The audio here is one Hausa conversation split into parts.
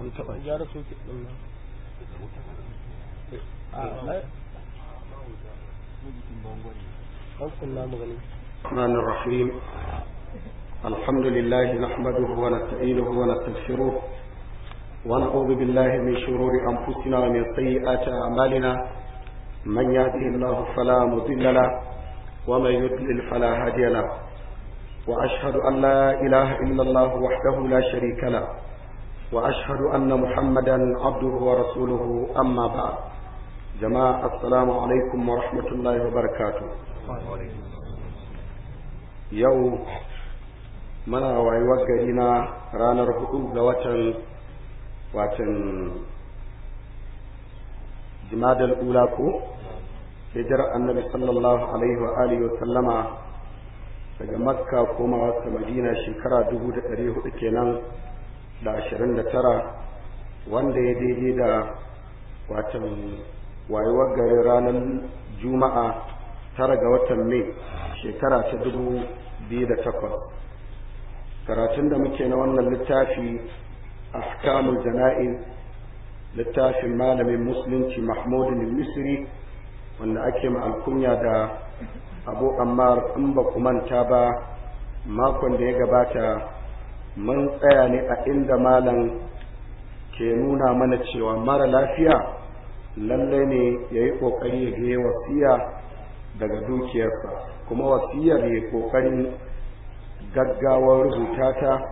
an taba gyara soke din nan a na الرحمن الرحيم الحمد لله نحمده ونستعينه ونستغفره ونعوذ بالله من شرور أنفسنا ومن سيئات أعمالنا من يهده الله فلا مضل له ومن يضلل فلا هادي له وأشهد أن لا إله إلا الله وحده لا شريك له وأشهد أن محمدا عبده ورسوله أما بعد جماعة السلام عليكم ورحمة الله وبركاته يوم منا ويوجهنا رانا ركوب لوتن واتن جماد الأولى كو هجر النبي صلى الله عليه وآله وسلم daga makka komawa ta madina shekara dubu da ɗari hudu kenan da ashirin da tara wanda ya daidai da watan wayewar gari ranar juma'a tara ga watan mai shekara ta dubu biyu da takwas karatun da muke na wannan littafi ahkamul jana'i, littafin malamin musulunci mahmudin misri wanda ake ma da abu amma in ba ku manta ba makon da ya gabata mun tsaya ne a inda malam ke nuna mana cewa mara lafiya lallai ne ya yi ƙoƙari ya biye wasiya daga dukiyarsa kuma wasiyar ya ƙoƙarin gaggawar rubuta ta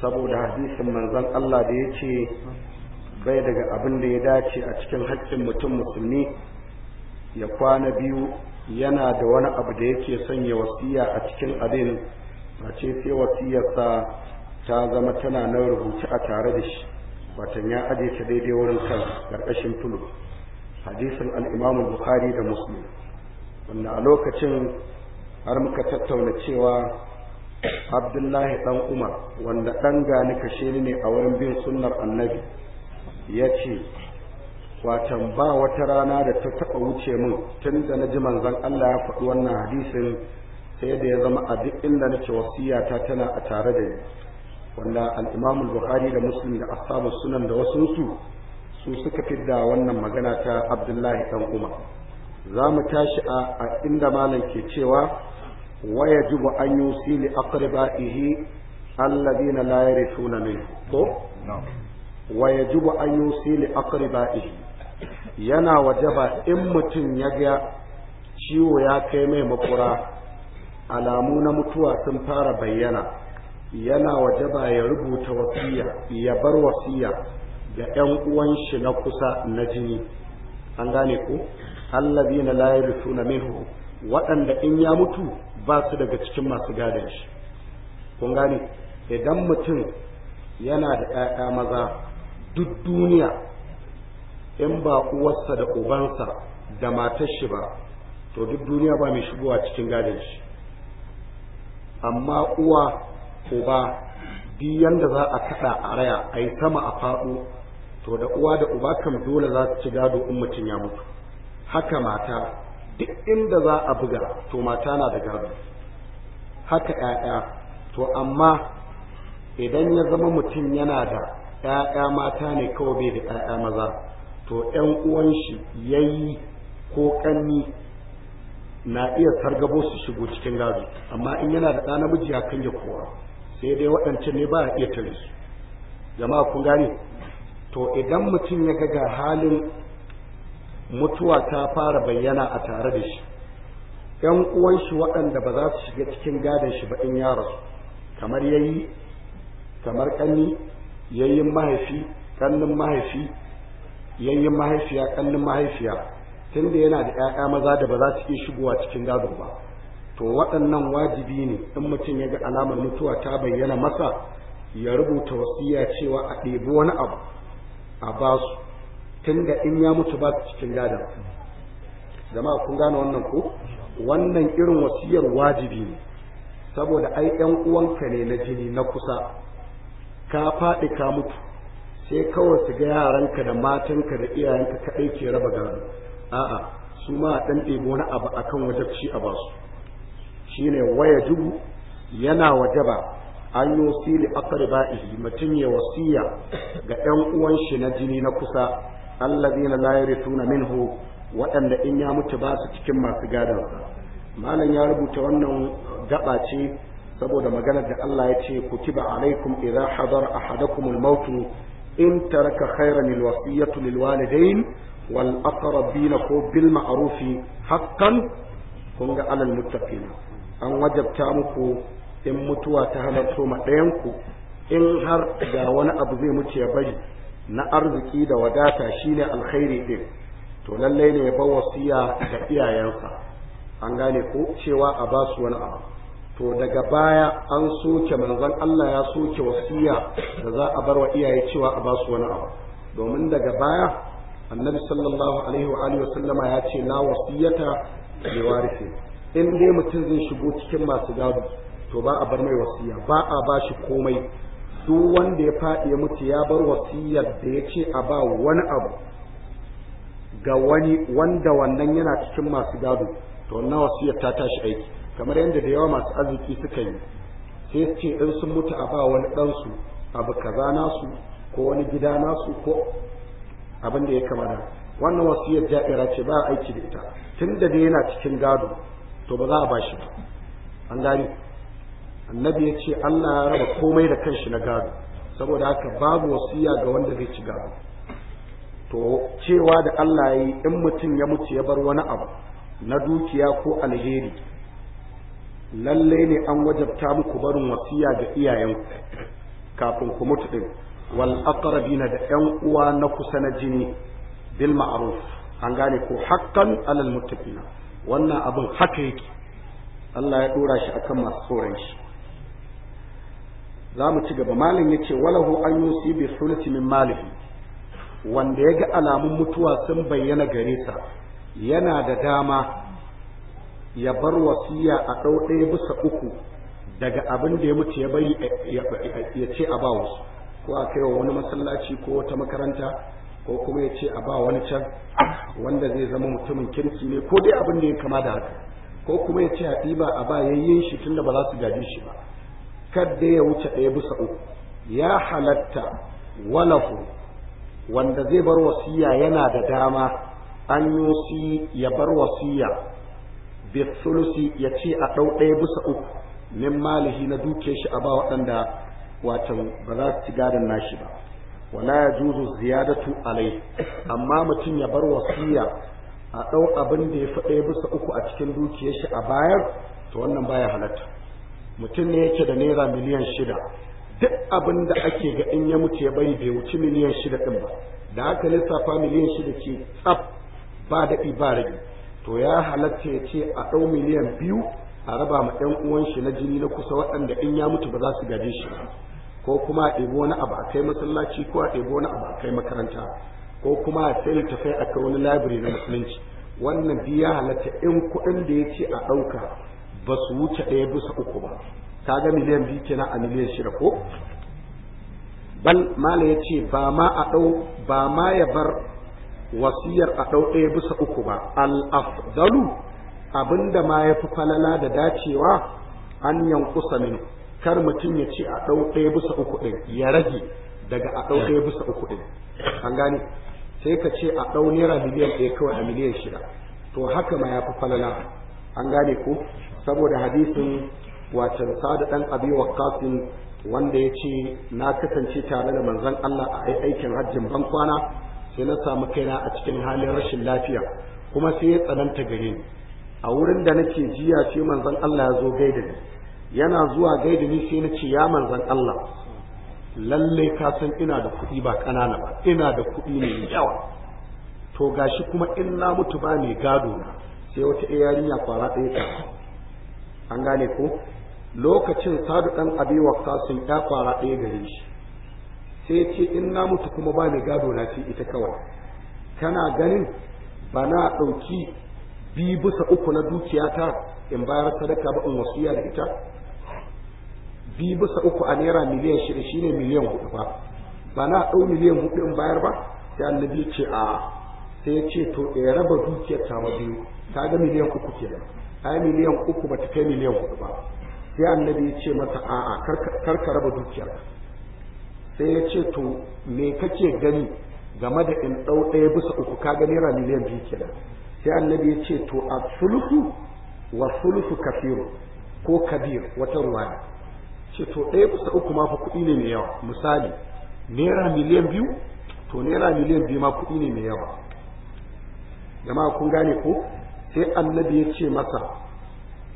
saboda hadisin manzon Allah da ya ce bai daga abin da ya dace a cikin haƙƙin mutum musulmi ya kwana biyu yana da wani abu da yake sanya wasiya a cikin abin a ce sai wasiyarsa ta zama tana na rubuce a tare da shi watan ya aje ta daidai wurin kan karkashin tulu hadisin al-Imam Bukhari da Muslim wanda a lokacin har muka tattauna cewa Abdullahi dan Umar wanda ɗan gani kashe ni ne a wurin bin sunnar Annabi ya ce, watan ba wata rana da ta taɓa wuce min tun da na ji manzon Allah ya faɗi wannan hadisin sai da ya zama a duk inda na ce wasiyata tana a tare da ni wanda al-Imam da Muslim da asabar sunan da wasu su su suka fidda wannan magana ta Abdullahi dan Umar za mu tashi a inda malam ke cewa ويجب أن يوصي لأقربائه الذين لا يرثون منه ويجب أن يوصي لأقربائه yana wajaba in mutum ya ga ciwo ya kai mai makura alamu na mutuwa sun fara bayyana yana wajaba ya rubuta wasiya ya bar wasiya ga 'yan uwan shi na kusa na jini an gane ku na layi la na minhu waɗanda in ya mutu ba su daga cikin masu gadon shi kun gane idan mutum yana da 'ya'ya maza duk duniya in ba uwarsa da ubansa da matar shi ba to duk duniya ba mai shigowa cikin gadon shi amma uwa uba duk yanda za a kaɗa a raya a yi sama a faɗo to da uwa da uba kam dole za su ci gado in mutum ya mutu haka mata duk inda za a buga to mata na da gado haka ƴaƴa to amma idan ya zama mutum yana da ƴaƴa mata ne kawai bai da ƴaƴa maza to ƴan uwan shi yayi ko kanni na iya targabo su shigo cikin gado amma in yana da ɗa namiji ya kan ya kowa sai dai waɗancan ne ba a iya tare su jama'a kun gane to idan mutum ya ga halin mutuwa ta fara bayyana a tare da shi ‘yan uwan shi waɗanda ba za su shiga cikin gadon shi ba in ya rasu kamar yayi kamar ƙanni yayin mahaifi ƙannin mahaifi yayin mahaifiya ƙannin mahaifiya tunda yana da ‘ya'ya maza da ba za su iya shigowa cikin gadon ba to waɗannan wajibi ne in mutum ya ga alamar mutuwa ta bayyana masa ya rubuta wasiya cewa a ɗebi wani abu a ba su tun da in ya mutu ba su cikin gadon jama'a kun gane wannan ko wannan irin wasiyar wajibi ne saboda ai ƴan uwanka ne na jini na kusa ka faɗi ka mutu sai kawai su ga yaranka da matanka da iyayenka kaɗai ke raba gado a'a su ma a ɗan ɗebo wani abu akan wajabci a basu shine waya dubu, yana wajaba an yi sili aqriba'ihi mutum ya wasiya ga ɗan uwan shi na jini na kusa na la yarithuna minhu waɗanda in ya mutu ba su cikin masu gadon malam ya rubuta wannan gaba ce saboda maganar da Allah ya ce kutiba alaikum idza hadara ahadakumul mautu in taraka khairan alwasiyatu lilwalidayn wal aqrabin ko bil ma'ruf haqqan kun ga alal muttaqin an wajabta muku in mutuwa ta halarto ma ku in har ga wani abu zai muce ya bari na arziki da wadata shine alkhairi ɗin to lallai ne ya bar wasiya ga iyayensa an gane ko cewa a ba su wani abu to daga baya an soke manzon Allah ya soke wasiya da za a bar wa iyaye cewa a ba su wani abu domin daga baya annabi sallallahu alaihi wa alihi wasallama ya ce la wasiyata li warisi in dai mutum zai shigo cikin masu gado to ba a bar mai wasiya ba a ba shi komai duk wanda ya faɗi ya mutu ya bar wasiyar da ya ce a ba wani abu ga wani wanda wannan yana cikin masu gado to wannan wasiyar ta tashi aiki kamar yadda da yawa masu arziki suka yi sai ce in sun mutu a ba wani ɗansu abu kaza nasu ko wani gida nasu ko abin da ya kamata wannan wasiyar ja'ira ce ba aiki da ita tun da dai yana cikin gado to ba za a bashi ba an gani annabi ya ce Allah ya raba komai da kanshi na gado saboda haka babu wasiya ga wanda zai ci gado to cewa da Allah ya yi in mutum ya mutu ya bar wani abu na dukiya ko alheri lallai ne an wajabta muku barin wasiya ga iyayenku kafin ku mutu din wal aqrabina da yan uwa na kusa na jini bil ma'ruf an gane ko hakkan alal muttaqina wannan abin haka yake Allah ya dora shi akan masu tsoron shi za mu ci gaba malin ya ce walahu an yusi bi sulati min malihi wanda ya ga alamun mutuwa sun bayyana gare sa yana da dama ya bar wasiya a ɗau ɗaya bisa uku daga abin da ya mutu ya bari ya ce a ba wasu ko a kai wa wani masallaci ko wata makaranta ko kuma ya ce a ba wani can wanda zai zama mutumin kirki ne ko dai abin da ya kama da haka ko kuma ya ce a ɗiba a ba yayyin shi tunda ba za su gaji shi ba kadda ya wuce ɗaya bisa uku ya halatta walahu wanda zai bar wasiya yana da dama an yosi ya bar wasiya bisulusi ya ce a ɗau ɗaya bisa uku min malihi na duke shi a ba waɗanda watan ba za su ci gadon nashi ba wala ya juzu ziyadatu alai amma mutum ya bar wasiya a ɗau abin da ya fi ɗaya bisa uku a cikin dukiyar shi a bayar to wannan baya halatta mutum ne yake da naira miliyan shida duk abin da ake ga in ya mutu ya bari bai wuci miliyan shida ɗin ba da haka lissafa miliyan shida ce tsaf ba daɗi ba rage to ya halatta ya ce a ɗau miliyan biyu a raba ma ɗan uwan shi na jini na kusa waɗanda in ya mutu ba za su gaje shi ba. ko kuma a ɗebo wani abu a kai masallaci ko a ɗebo wani abu a kai makaranta ko kuma a sai littafai a kai wani labiri na musulunci wannan biya halatta in kuɗin da ya ce a ɗauka ba su wuce ɗaya bisa uku ba ga miliyan biyu kenan a miliyan shida ko bal mala ya ce ba ma a ɗau ba ma ya bar wasiyar a ɗau ɗaya bisa uku ba al-afdalu abinda ma ya fi falala da dacewa an yankusa minu kar mutum ya ce a ɗau ɗaya bisa uku ɗin ya rage daga a ɗau ɗaya bisa uku ɗin an gane sai ka ce a ɗau naira miliyan ɗaya kawai a miliyan shida to haka ma ya fi falala an gane ko saboda hadisin watan sada ɗan abi waqasin wanda ya ce na kasance tare da manzon Allah a aikin hajjin ban kwana sai na samu kaina a cikin halin rashin lafiya kuma sai ya tsananta gare ni a wurin da nake jiya sai manzon Allah ya zo gaida ni yana zuwa gaida ni sai na ce ya manzan Allah lalle ka san ina da kuɗi ba ƙanana ba ina da kuɗi mai yawa to gashi kuma in na mutu ba ne gado na sai wata yarinya kwara ɗaya ta an gane ko lokacin sadu ɗan abi waqta sun ya kwara ɗaya gare shi sai ce in na mutu kuma ba ne gado na ce ita kawai kana ganin ba na ɗauki bi bisa uku na dukiyata in bayar sadaka ba in wasiya da ita biyu bisa uku a naira miliyan shida shi ne miliyan hudu ba ba na ɗau miliyan hudu in bayar ba sai annabi ce a sai ya ce to ya eh, raba dukiyar ta wa biyu ta ga miliyan uku kenan yi miliyan uku ba ta kai miliyan hudu ba sai annabi ya ce masa a'a kar ka raba dukiyar sai ya ce to me kake gani game da in ɗau ɗaya bisa uku ka ga naira miliyan biyu kenan sai annabi ya ce to a sulusu wa sulusu kafiru ko kabir wata ruwaya ce to ɗaya kusa uku ma fa kuɗi ne mai yawa misali naira miliyan biyu to naira miliyan biyu ma kuɗi ne mai yawa jama'a kun gane ko sai annabi ya ce masa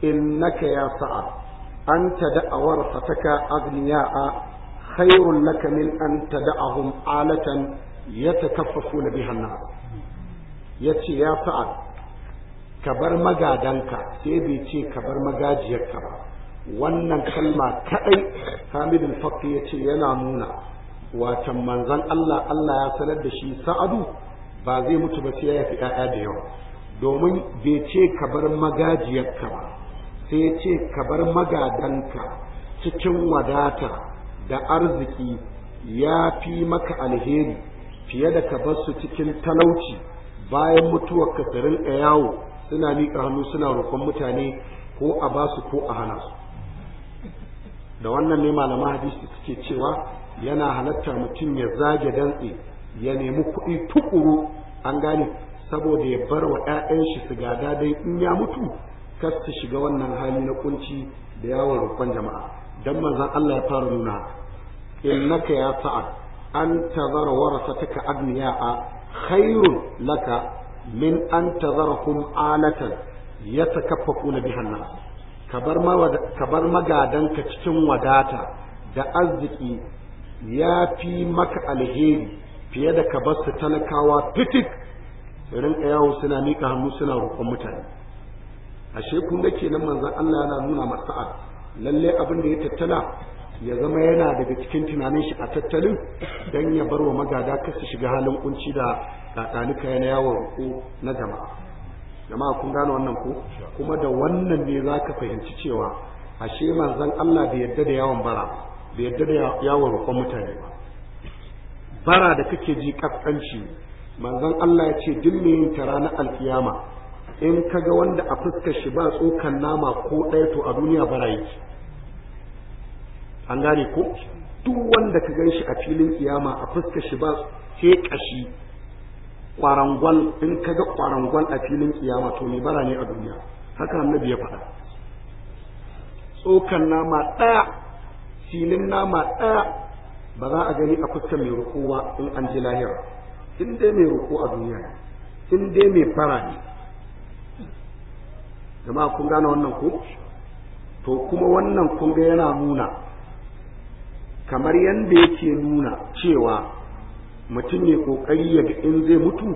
innaka ya sa'a an tada'awar fataka agniya'a khairun laka min an tada'ahum alatan ya ta yatakaffafuna bihan ya yace ya sa'a ka bar magadanka sai bai ce ka bar magajiyarka ba wannan kalma kadai hamid al ya ce yana nuna watan manzon Allah Allah ya sanar da shi sa'adu ba zai mutu ba sai ya fi ƴaƴa da yawa domin bai ce ka bar magajiyarka ba sai ya ce ka bar magadanka cikin wadata da arziki ya fi maka alheri fiye da ka bar su cikin talauci bayan mutuwar ka su yawo suna miƙa hannu suna roƙon mutane ko a basu ko a hana su da wannan ne malaman hadisi suke cewa yana halatta mutum ya zage dantse ya nemi kuɗi tukuru an gane saboda ya bar wa 'ya'yan shi su gada dai in ya mutu kar su shiga wannan hali na kunci da yawon rukun jama'a dan manzon Allah ya fara nuna innaka ya sa'ad an tazara warasataka agniya'a khairun laka min an tazarahum alatan yatakaffafuna bihan nas ka bar magadanka cikin wadata da arziki ya fi maka alheri fiye da ka bar su talakawa fitik su rinka yawo suna mika hannu suna roƙon mutane ashe kun ke nan manzan Allah yana nuna masa'ar? lalle abin da ya tattala ya zama yana daga cikin tunanin shi a tattalin don ya bar wa magada kasu shiga halin kunci da ɗalika yana yawon roƙo na jama'a jama'a kun gane wannan ko kuma da wannan ne za ka fahimci cewa ashe manzan Allah bai yadda da yawan bara bai yadda da yawan roƙon mutane ba bara da kake ji kaskanci manzon Allah ya ce duk mai ta ranar alkiyama in ka ga wanda a fuskar shi ba tsokan nama ko ɗaya to a duniya bara yake an gane ko duk wanda ka gan shi a filin kiyama a fuskar shi ba ke ƙashi kwarangwal in ka ga kwarangwal a filin kiyama to mai bara ne a duniya haka annabi ya faɗa tsokan nama ɗaya filin nama ɗaya ba za a gani a kusa mai rukuwa in an ji lahira in dai mai ruku a duniya ne in dai mai bara ne jama'a kun gane wannan ko to kuma wannan kun ga yana nuna kamar yadda yake nuna cewa mutum ne kokari ya ga in zai mutu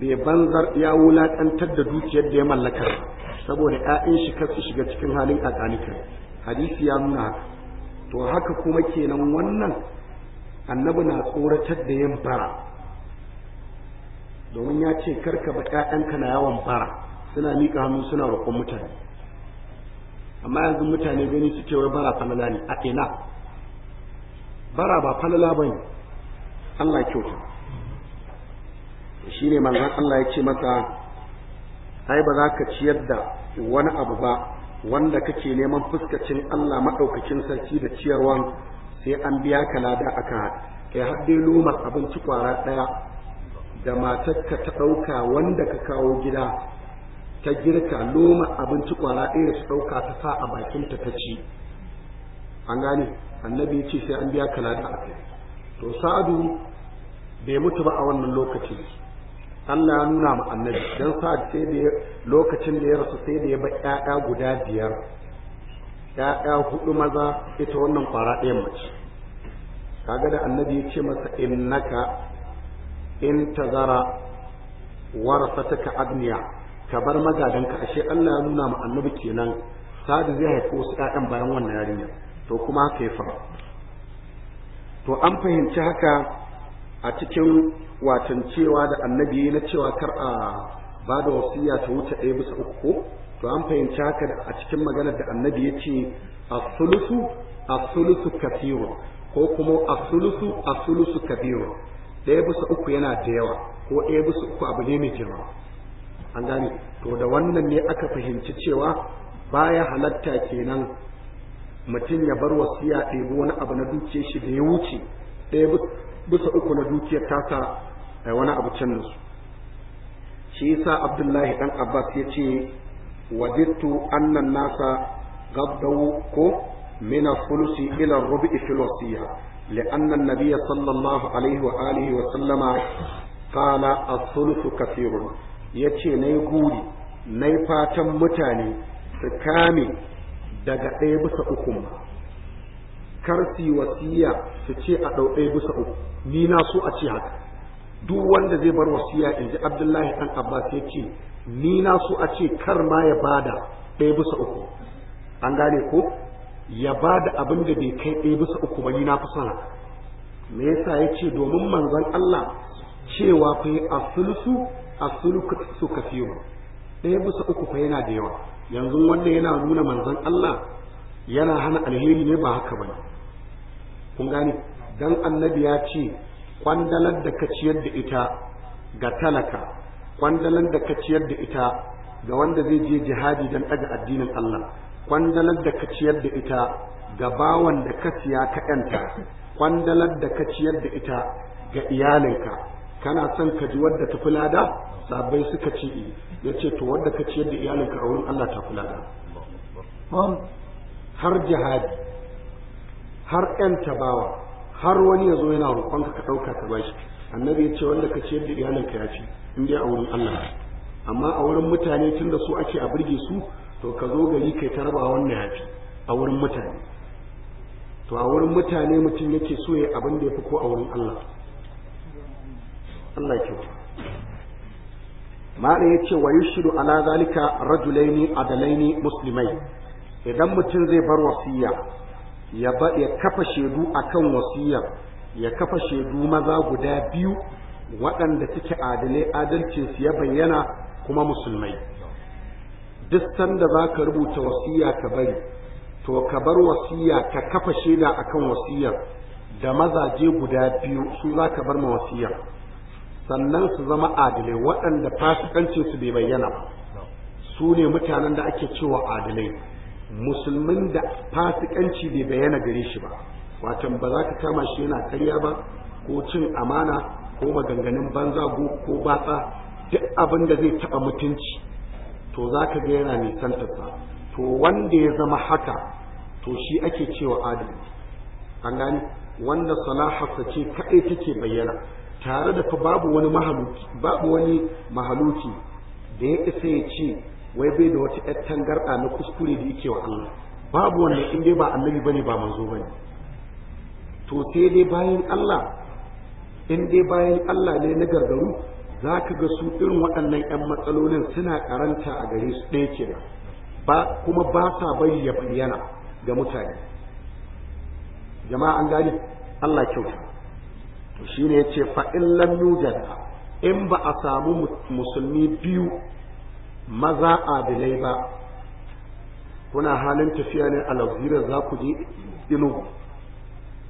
bai banzar ya wulaƙantar da dukiyar da ya mallaka saboda ƴaƴan shi kasu shiga cikin halin akanika hadisi ya nuna haka to haka kuma kenan wannan annabi na tsoratar da yin bara domin ya ce karka ba ƴaƴanka na yawan bara suna miƙa hannu suna roƙon mutane amma yanzu mutane gani suke wai bara falala ne a ina bara ba falala bane Allah kyauta shine manzon Allah ya ce masa ai ba za ka ciyar da wani abu ba wanda kake neman fuskacin Allah maɗaukacin sarki da ciyarwa sai an biya ka lada akan kai har dai lumar abinci kwara ɗaya da matarka ta ɗauka wanda ka kawo gida ta girka loma abinci kwara ɗaya da ɗauka ta sa a bakinta ta ci an gane annabi ce sai an biya ka lada akai to sa'adu bai mutu ba a wannan lokaci Allah ya nuna ma annabi dan sa'ad sai da lokacin da ya rasu sai da ya ba ƴaƴa guda biyar ƴaƴa hudu maza ita wannan kwara ɗayan mace kaga da annabi ya ce masa innaka in tazara warasataka agniya ka bar ka? ashe Allah ya nuna ma annabi kenan sa'ad zai haifi wasu ƴaƴan bayan wannan yarinya to kuma haka ya faru to an fahimci haka a cikin watan da annabi na cewa kar a ba da wasiya ta wuce ɗaya bisa uku ko to an fahimci haka a cikin maganar da annabi ya ce asulusu asulusu kafiru ko kuma asulusu asulusu kabiru ɗaya bisa uku yana da yawa ko ɗaya bisa uku abu ne mai girma an gane to da wannan ne aka fahimci cewa baya halatta kenan mutum ya bar wasiya ɗebi wani abu na dukiyar shi da ya wuce ɗaya bisa uku na dukiyar tasa wani abu can su shi yasa abdullahi Ɗan abbas ya ce wadittu annan nasa gaddawu ko min al-thulusi ila rubu'i fil wasiya لأن النبي صلى الله ya ce na yi الثلث na yi fatan mutane su kame. daga ɗaya bisa uku ma kar su wasiya su ce a ɗau ɗaya bisa uku ni na so a ce haka duk wanda zai bar wasiya in ji abdullahi ɗan abbas ya ce ni na so a ce kar ma ya bada ɗaya bisa uku an gane ko ya ba da abin da bai kai ɗaya bisa uku ba ni na fi sana me yasa ya ce domin manzon Allah cewa fa yi asulusu asuluku su kafiru ɗaya bisa uku fa yana da yawa yanzu wannan yana nuna manzon Allah yana hana alheri ne ba haka bane kun gane dan annabi ya ce kwandalar da ka ciyar da ita ga talaka kwandalar da ka ciyar da ita ga wanda zai je jihadi dan daga addinin Allah kwandalar da ka ciyar da ita ga bawan da ka siya ka yanta kwandalar da ka ciyar da ita ga iyalinka kana son ka ji wadda ta lada, sabai suka ce ya eh. ce to wadda ka ciyar da iyalinka a wurin Allah ta lada. har jihadi har yan tabawa har wani ya zo yana roƙonka ka ɗauka ka bashi annabi ya ce wanda ka ciyar da iyalinka ya ce in dai a wurin Allah amma a wurin mutane tun da su ake a birge su to ka zo gari kai ta raba wannan yafi a wurin mutane to a wurin mutane mutum yake so ya abin da ya fi ko a wurin Allah Allah ya malam ya ce wa yushiru ala zalika rajulaini adalaini musulmai idan mutum zai bar wasiya ya ba ya kafa shaidu akan wasiyar ya kafa shaidu maza guda biyu waɗanda suke adalai adalci su ya bayyana kuma musulmai duk sanda za ka rubuta wasiya ka bari to ka bar wasiya ka kafa shaida akan wasiyar da mazaje guda biyu su za ka bar ma wasiyar sannan su zama adilai waɗanda fasikancin su bai bayyana ba su ne mutanen da ake cewa adilai musulmin da fasikanci bai bayyana gare shi ba watan ba za ka kama shi yana karya ba ko cin amana ko maganganun banza ko batsa duk abin da zai taɓa mutunci to za ka ga yana nisantarsa to wanda ya zama haka to shi ake cewa adalci an gani wanda salahar ce kaɗai take bayyana tare da fa babu wani mahaluki babu wani mahaluki da ya isa ya ce wai bai da wata yar tangarɗa na kuskure da yake wa Allah babu wanda in dai ba annabi bane ba manzo bane to sai dai bayan Allah in dai bayan Allah ne na gargaru za ka ga su irin waɗannan 'yan matsalolin suna karanta a gare su ɗaya ke ba kuma ba sa bayyana ga mutane jama'a an gani Allah kyauta to shine yace fa in lam yujad in ba a samu musulmi biyu maza adilai ba kuna halin tafiya ne a lauzira za ku je inugu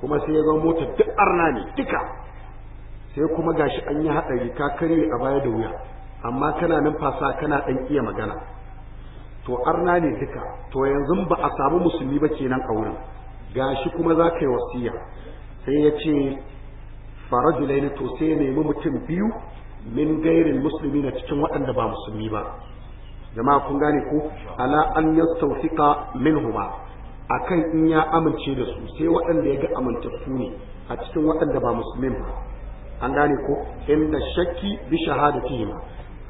kuma sai ya zama mota duk arna ne duka sai kuma gashi an yi haɗari ka kare a baya da wuya amma kana numfasa kana ɗan iya magana to arna ne duka to yanzu ba a samu musulmi ba kenan a wurin gashi kuma za ka yi wasiya sai ya ce farajulaini to sai ya nemi mutum biyu min gairin musulmi na cikin waɗanda ba musulmi ba jama'a kun gane ko ala an yastawfiqa minhuma akan in ya amince da su sai waɗanda ya ga amintattu ne a cikin waɗanda ba musulmin ba an gane ko inda shakki bi shahadatihim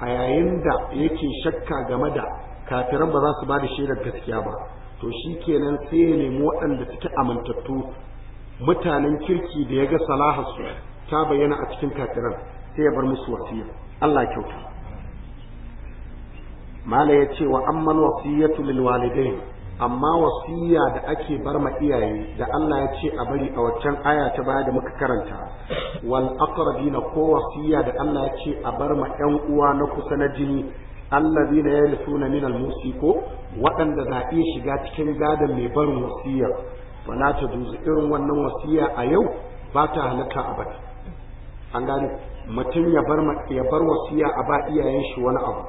a yayin da yake shakka game da kafiran ba za su ba da shaidar gaskiya ba to shi kenan sai ya nemi waɗanda suke amintattu mutanen kirki da ya ga salahansu ta bayyana a cikin kafiran sai ya bar musu wasiya Allah kyauta mala ya ce wa amman wasiyatu lil walidain amma wasiya da ake bar ma iyaye da Allah ya ce a bari a waccan aya ta baya da muka karanta wal aqrabina ko wasiya da Allah ya ce a bar ma ƴan uwa na kusa na jini allazina yarisuna min al ko waɗanda za iya shiga cikin gadon mai barin wasiya wala ta juzu irin wannan wasiya a yau ba ta halatta abada an gane mutum ya bar ya bar wasiya a ba iyayen shi wani abu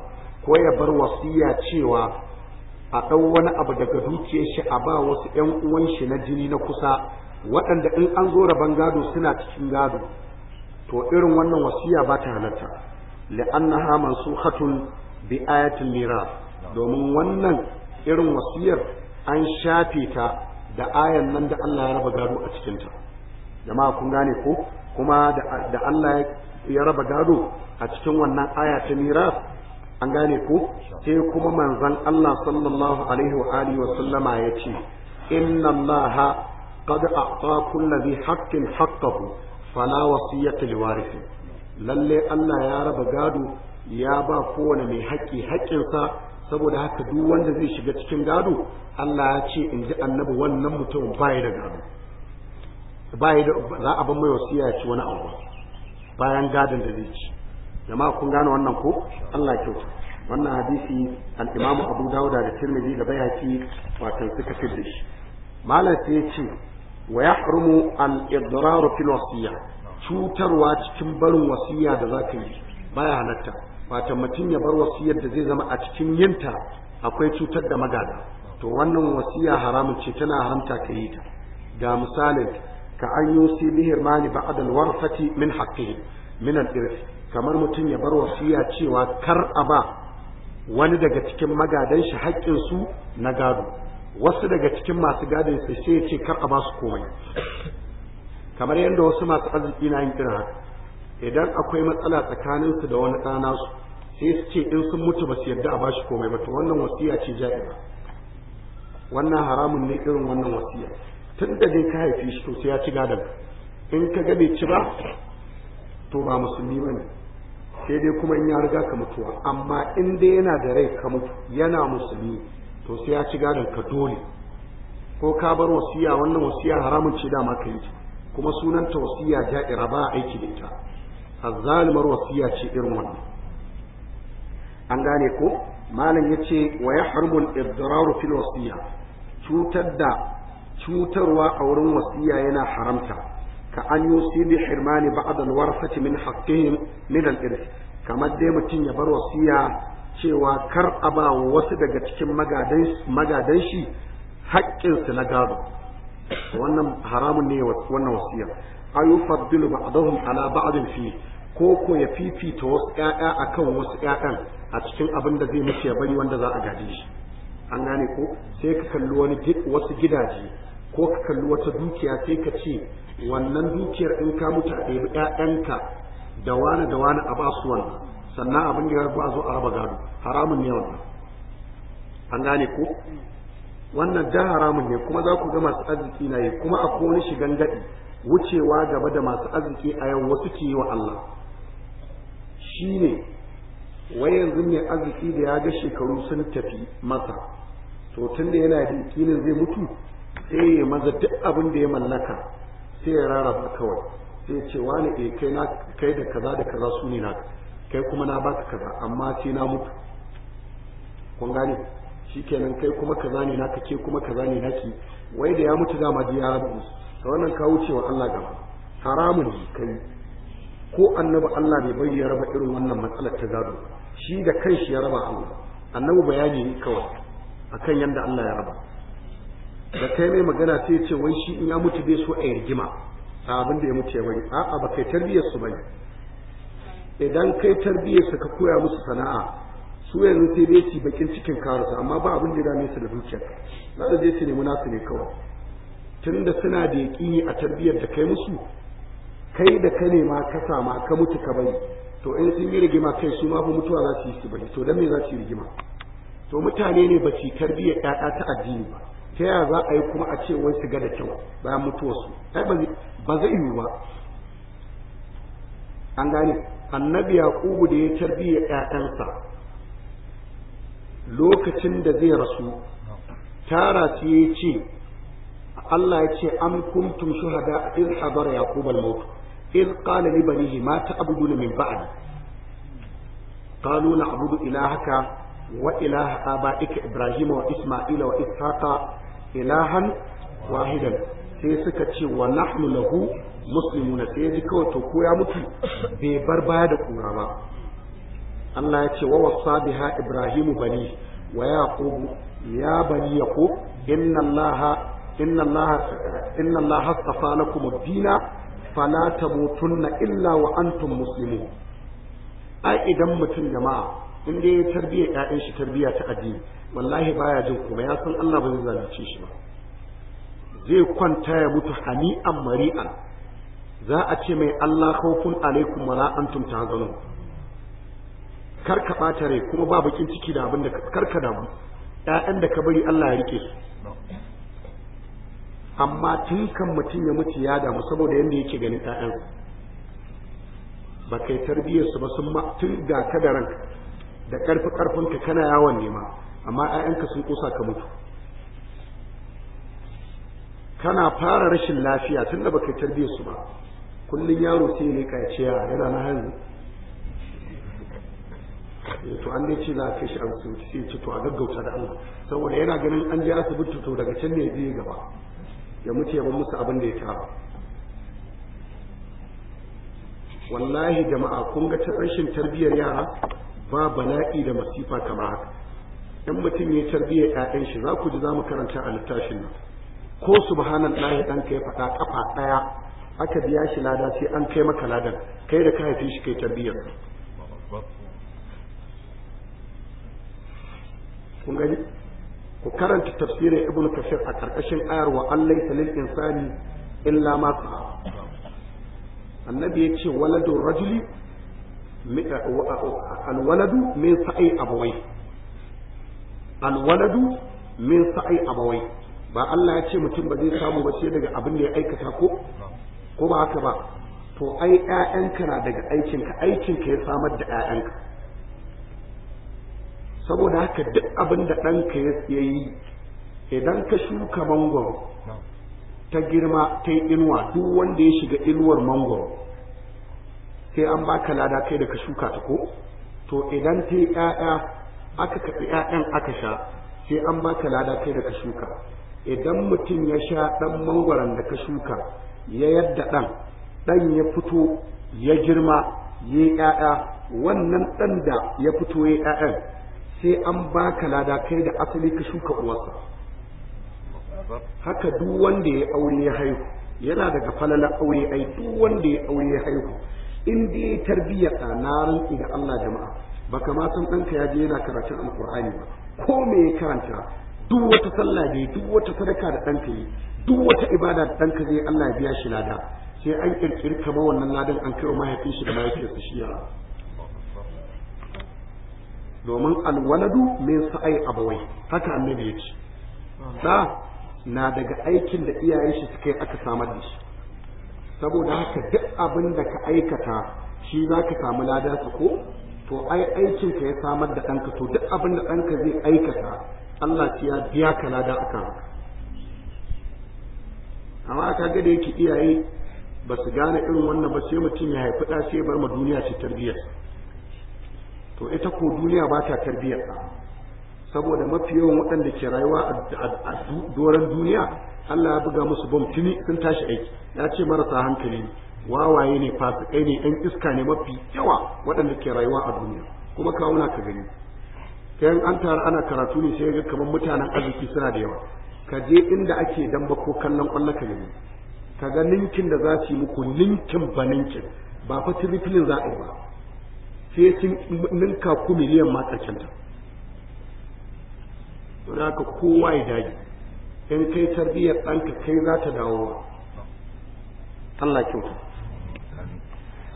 ko ya bar wasiya cewa a ɗau wani abu daga dukiyar shi a ba wasu ƴan uwan shi na jini na kusa waɗanda in an zo rabon gado suna cikin gado to irin wannan wasiya ba ta halatta li'annaha mansukhatun bi ayatil mirath domin wannan irin wasiyar an shafe ta da ayan nan da Allah ya raba gado a cikinta jama'a kun gane ko kuma da Allah ya raba gado a cikin wannan aya ta miras an gane ko sai kuma manzon Allah sallallahu alaihi wa alihi wa sallama ya ce inna Allah qad a'ta kulli dhi haqqin haqqahu fala wasiyata liwarith lalle Allah ya raba gado ya ba kowane mai haƙƙi haƙƙinsa saboda haka duk wanda zai shiga cikin gado Allah ya ce in ji annabi wannan mutum baya da gado baya da za a ban mai wasiya ya ci wani abu bayan gadon da zai ci jama'a kun gane wannan ko Allah ya kyauta wannan hadisi al imamu Abu Dawud da Tirmidhi da bayaki wato suka da shi malam sai ya ce wa yahrumu al-idrar fil wasiya cutarwa cikin barin wasiya da zaka yi baya halatta fata mutum ya bar wasiyar da zai zama a cikin yinta akwai cutar da magada to wannan wasiya haramun ce tana haramta ka yi ta ga misalin ka an yusi bihir mani ba'ad warfati min haƙƙi min al kamar mutum ya bar wasiya cewa kar a ba wani daga cikin magadan shi haƙƙin su na gado wasu daga cikin masu gadon su sai ya ce kar a ba su komai kamar yadda wasu masu arziki na yin irin haka idan akwai matsala tsakanin su da wani ɗana su sai su ce in sun mutu ba su yarda a bashi komai ba to wannan wasiya ce ja'iba wannan haramun ne irin wannan wasiya tun da dai ka haife shi to sai ya ci gadon in ka ga bai ci ba to ba musulmi bane sai dai kuma in ya riga ka mutuwa amma in dai yana da rai ka mutu yana musulmi to sai ya ci gadon ka dole ko ka bar wasiya wannan wasiya haramun ce dama ka yi kuma sunanta wasiya ja'ira ba aiki da ita azzalimar wasiya ce irin wani, an gane ko malam yace wa yahrumul idraru fil wasiya cutar da cutarwa a wurin wasiya yana haramta ka an yusi bi hirmani ba al warasati min haqqihim min al irth kamar dai mutum ya bar wasiya cewa kar a bawa wasu daga cikin magadan shi na gado wannan haramun ne wannan wasiya ayu faddilu ba'dahum ala ba'din fi ko ko ya fifita wasu ƴaƴa akan wasu ƴaƴan a cikin abin da zai mace ya bari wanda za a gaji shi an gane ko sai ka kalli wani wasu gidaje ko ka kalli wata dukiya sai ka ce wannan dukiyar in ka mutu a ɗebi ƴaƴanka da wani da wani a basu wannan sannan abin da ba a zo a raba gado haramun ne wannan an gane ko wannan da haramun ne kuma za ku ga masu arziki na yi kuma akwai wani shigan daɗi wucewa gaba da masu arziki a yau wasu ke wa Allah shi ne wai yanzu mai arziki da ya ga shekaru sun tafi masa to tun da yana da yakinin zai mutu sai ya maza duk abin da ya mallaka sai ya rarraba kawai sai ce wani eh kai na kai da kaza da kaza su ne naka kai kuma na baka kaza amma sai na mutu kun gane shikenan kai kuma kaza ne naka ke kuma kaza ne naki wai da ya mutu ma ji ya rabu musu da wannan ka cewa Allah gaba haramun kai ko annabi Allah bai bari ya raba irin wannan matsalar ta gado shi da kanshi ya raba Allah annabi bayani ne kawai akan yanda Allah ya raba da kai mai magana sai ya ce wai shi in ya mutu bai so a rigima a abin da ya mutu ya bari a'a ba kai tarbiyyar su bane idan kai tarbiyyar su ka koya musu sana'a su yanzu sai dai ci bakin cikin karusa amma ba abin da ya dame su da dukiyar za su je su nemi nasu ne kawai tunda suna da yaƙi a tarbiyyar da kai musu kai da ka nema ka sama ka mutu ka bari to in sun yi rigima kai su ma fa mutuwa za su yi su bari to dan me za su yi rigima to mutane ne ba ci tarbiyyar ƴaƴa ta addini ba ta yaya za a yi kuma a ce wai su ga da kyau bayan mutuwarsu ai ba zai yiwu ba an gane annabi yaqubu da ya tarbiyyar ƴaƴansa lokacin da zai rasu tara ce ya ce Allah ya ce am kuntum shuhada iz hadara yaqub al maut iz qala li banihi ma ta'buduna min ba'di qalu na'budu ilahaka wa ilaha abaika ibrahima wa isma'ila wa ishaqa ilahan wahidan sai suka ce wa nahnu lahu muslimuna sai to ko ya mutu bai bar baya da kura ba Allah ya ce wa wasa biha ibrahimu bani wa yaqub ya bani yaqub inna allaha inna Allah inna Allah hastafa lakum ad-dina fala tamutunna illa wa antum muslimun ai idan mutum jama'a in dai ya tarbiya ƴaƴan shi tarbiya ta addini wallahi baya jin kuma ya san Allah ba zai zalunce shi ba zai kwanta ya mutu hani'an mari'an za'a ce mai Allah khawfun alaikum wala antum tahzanun karka ɓata rai kuma ba bakin ciki da abin da karka damu ƴaƴan ka bari Allah ya rike su amma tun kan mutum ya mutu ya damu saboda yadda yake ganin ƴaƴan ba kai tarbiyyarsu ba sun tun ga ka da ranka da ƙarfi ƙarfinka kana yawon nema amma ƴaƴanka sun kusa ka mutu kana fara rashin lafiya tun da kai tarbiyyarsu ba kullum yaro sai ne kaciya yana na hannu eh, to an dai ce za a kai shi an sai ce to a gaggauta da Allah saboda yana ganin an je asibiti to daga can ne zai gaba ya mutu ya ban musu abin da ya tara wallahi jama'a kun ga ta rashin tarbiyyar yara ba bala'i da masifa kamar haka in mutum ya tarbiyya 'ya'yan shi za ku ji za mu karanta a littafin nan ko subhanallahi ka ya faɗa ƙafa ɗaya aka biya shi lada sai an kai maka ladan kai da ka haife shi kai tarbiyyar kun gani ku karanta tafsirin ibn kafir a karkashin ayar wa allai lil insani illa ma annabi ya ce waladun al alwaladu min sa'i abawai waladu min sa'i abawai ba Allah ya ce mutum ba zai samu ba sai daga abin da ya aikata ko ko ba haka ba to ai ƴaƴanka na daga aikinka aikinka ya samar da ƴaƴanka saboda haka duk abin da ɗanka ya yi idan ka shuka mangoro ta girma ta yi inuwa duk wanda ya shiga inuwar mangoro sai an baka lada kai da ka shuka ta ko to idan ta yi ƴaƴa aka kafi ƴaƴan aka sha sai an baka lada kai da ka shuka idan mutum ya sha ɗan mangoron da ka shuka ya yadda ɗan ɗan ya fito ya girma ya yi ƴaƴa wannan ɗan da ya fito ya yi ƴaƴan sai an baka lada kai da asali ka shuka uwarsa haka duk wanda ya aure ya haihu yana daga falalar aure ai duk wanda ya aure ya haihu in dai ya a na rantsi da Allah jama'a ba ma san ɗanka ya je yana karatun alkur'ani ba ko me ya karanta duk wata sallah da duk wata sadaka da ɗanka yi duk wata ibada da ɗanka zai Allah ya biya shi lada sai an kirkiri kama wannan ladan an kai wa mahaifin shi da mahaifiyarsa shi yara domin alwaladu min sa'ai abawai haka annabi ya ce da na daga aikin da iyayen shi suka yi aka samar da shi saboda haka duk abin da ka aikata shi za ka samu ladansa ko to ai aikin ka ya samar da ɗanka to duk abin da ɗanka zai aikata Allah ya biya ka lada akan haka amma ka ga da yake iyaye ba su gane irin wannan ba sai mutum ya haifi ɗa sai bar ma duniya ce tarbiyyarsa to ita ko duniya ba ta tarbiyyar ta saboda mafi yawan waɗanda ke rayuwa a doron duniya Allah ya buga musu bom tuni sun tashi aiki ya ce marasa hankali ne wawaye ne fasikai ne ɗan iska ne mafi yawa waɗanda ke rayuwa a duniya kuma kawuna ka gani kayan an taru ana karatu ne sai ga kamar mutanen arziki suna da yawa ka je inda ake damba ko kallon ƙwallon ka gani ka ga ninkin da za su yi muku ninkin ba ninkin ba fa tilifilin za a yi ba sai sun ninka ku miliyan ma karkenta don haka kowa ya dage in kai tarbiyyar ɗanka kai za ta dawo Allah kyauta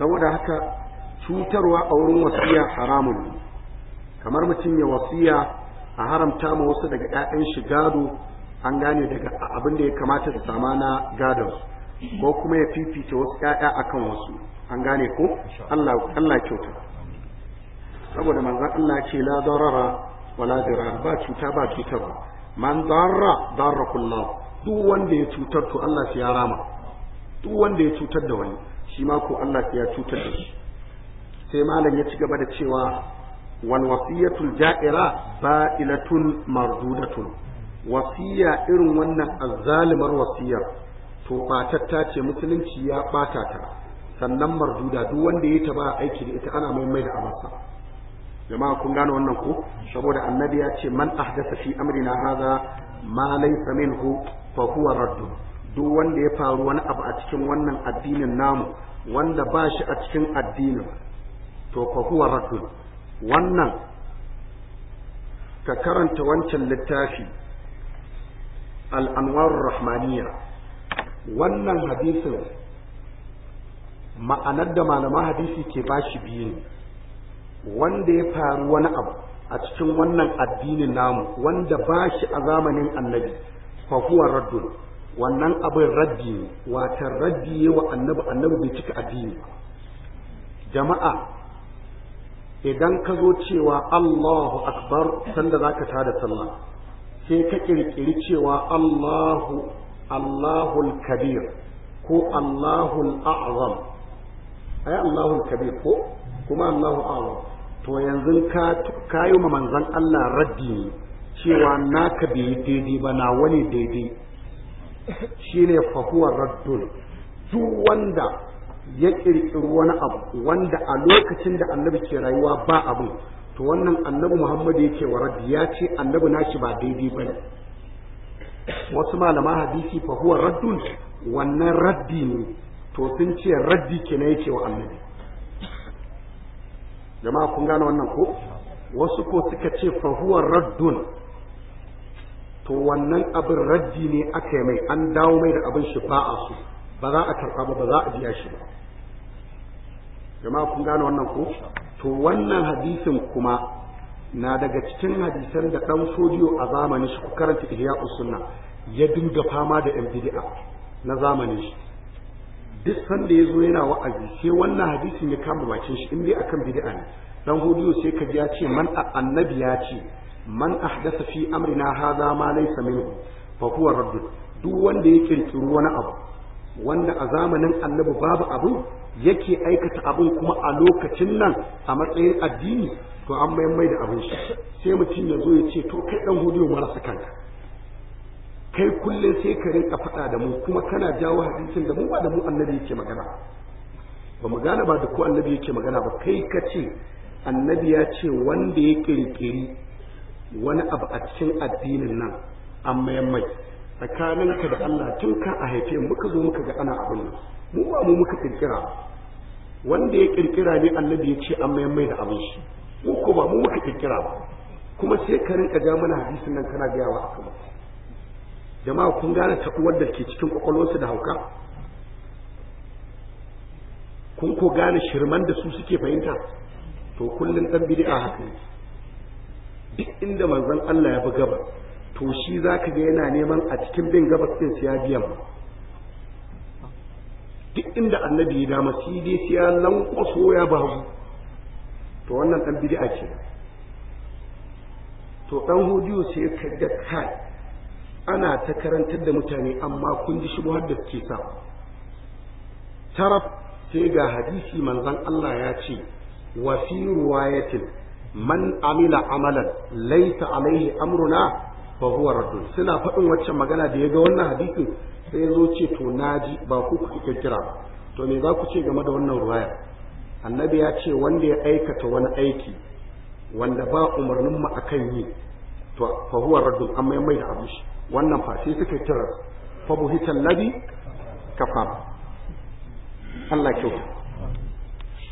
saboda haka cutarwa a wurin wasiya haramun kamar mutum ya wasiya a haramta ma wasu daga 'ya'yan shi gado an gane daga abin da ya kamata da sama na gadon ko kuma ya fifita wasu 'ya'ya akan wasu an gane ko Allah kyauta saboda manzon Allah ce la darara wala dirar ba cuta ba cutarwa man darra darra kullu duk wanda ya cutar to Allah shi ya rama duk wanda ya cutar da wani shi ma ko Allah ya cutar da shi sai malam ya ci gaba da cewa wal wasiyatul ja'ira ba'ilatul mardudatul wasiya irin wannan azzalimar wasiya to batatta ce musulunci ya bata ta sannan marduda duk wanda ya ta ba aiki da ita ana mai mai da abarsa jama'a kun gane wannan ko saboda annabi ya ce man ahdatha fi amrina hadha ma laysa minhu fa huwa radd duk wanda ya faru wani abu a cikin wannan addinin namu wanda ba shi a cikin addinin to fa huwa radd wannan ka karanta wancan littafi al-anwar rahmaniyya wannan hadisin ma'anar da malaman hadisi ke bashi biyu ne wanda ya faru wani abu a cikin wannan addinin namu wanda ba shi a zamanin annabi fa huwa raddun wannan abin raddi ne wata raddi wa annabi annabi bai cika addini jama'a idan ka zo cewa Allahu akbar sanda za zaka tada sallah sai ka kirkiri cewa Allahu Allahul kabir ko Allahul a'zam ai Allahul kabir ko kuma Allahu a'azam to yanzu ka kayo ma manzon Allah raddi ne cewa naka bai yi daidai ba na wani daidai shine fahuwar raddun duk wanda ya ƙirƙiri wani abu wanda a lokacin da annabi ke rayuwa ba abu to wannan annabi Muhammad yake wa raddi ya ce annabi nashi ba daidai ba ne wasu malama hadisi fahuwa raddun wannan raddi ne to sun ce raddi kenan yake wa annabi jama'a kun gane wannan ko wasu ko suka ce fahuwar raddun to wannan abin raddi ne aka yi mai an dawo mai da abin shifa'a su ba za a karɓa ba ba za a biya shi ba jama'a kun gane wannan ko to wannan hadisin kuma na daga cikin hadisan da ɗan sojiyo a zamanin shi ku karanta ihya sunna ya dinga fama da yan bid'a na zamanin shi duk sanda ya zo yana wa'azi sai wannan hadisin ya kama bakin shi in dai akan bid'a ne dan hudiyo sai ka ya ce man annabi ya ce man ahdasa fi amrina hadha ma laysa minhu fa huwa radd duk wanda ya kirkiro wani abu wanda a zamanin annabi babu abu yake aikata abin kuma a lokacin nan a matsayin addini to an mai da abin shi sai mutum ya zo ya ce to kai dan hudiyo marasa kanka kai kulle sai ka rinka faɗa da mu kuma kana jawo hadisin da mu ba da mu annabi yake magana ba mu gane ba da ko annabi yake magana ba kai ka ce annabi ya ce wanda ya kirkiri wani abu a cikin addinin nan an mayan mai tsakaninka da Allah tun kan a haife muka zo muka ga ana abin nan mu ba mu muka kirkira wanda ya kirkira ne annabi ya ce an mayan mai da abin shi mu ko ba mu muka kirkira ba kuma sai ka rinka ja mana hadisin nan kana gayawa a kuma jama'a kun gane taɓuwar da ke cikin kwakwalwarsu da hauka kun ko gane shirman da su suke fahimta to kullum ɗan bid'a haka ne duk inda manzon Allah ya bi gaba to shi za ka ga yana neman a cikin bin gabas ɗin biya biyan duk inda annabi ya dama shi dai siya lankwaso ya babu to wannan ɗan bid'a ce to ɗan hudiyo sai ka kai ana ta karantar da mutane amma kun ji shi da suke sa taraf sai ga hadisi manzon Allah ya ce wa fi riwayatin man amila amalan laita alaihi amruna fa huwa raddun suna faɗin waccan magana da ya ga wannan hadisin sai zo ce to naji ba ku ku kirkira to me za ku ce game da wannan ruwaya annabi ya ce wanda ya aikata wani aiki wanda ba umarnin mu akan yi to fa huwa raddun amma mai da abushi wannan fashe suka kira fa labi ka kafar Allah kyauta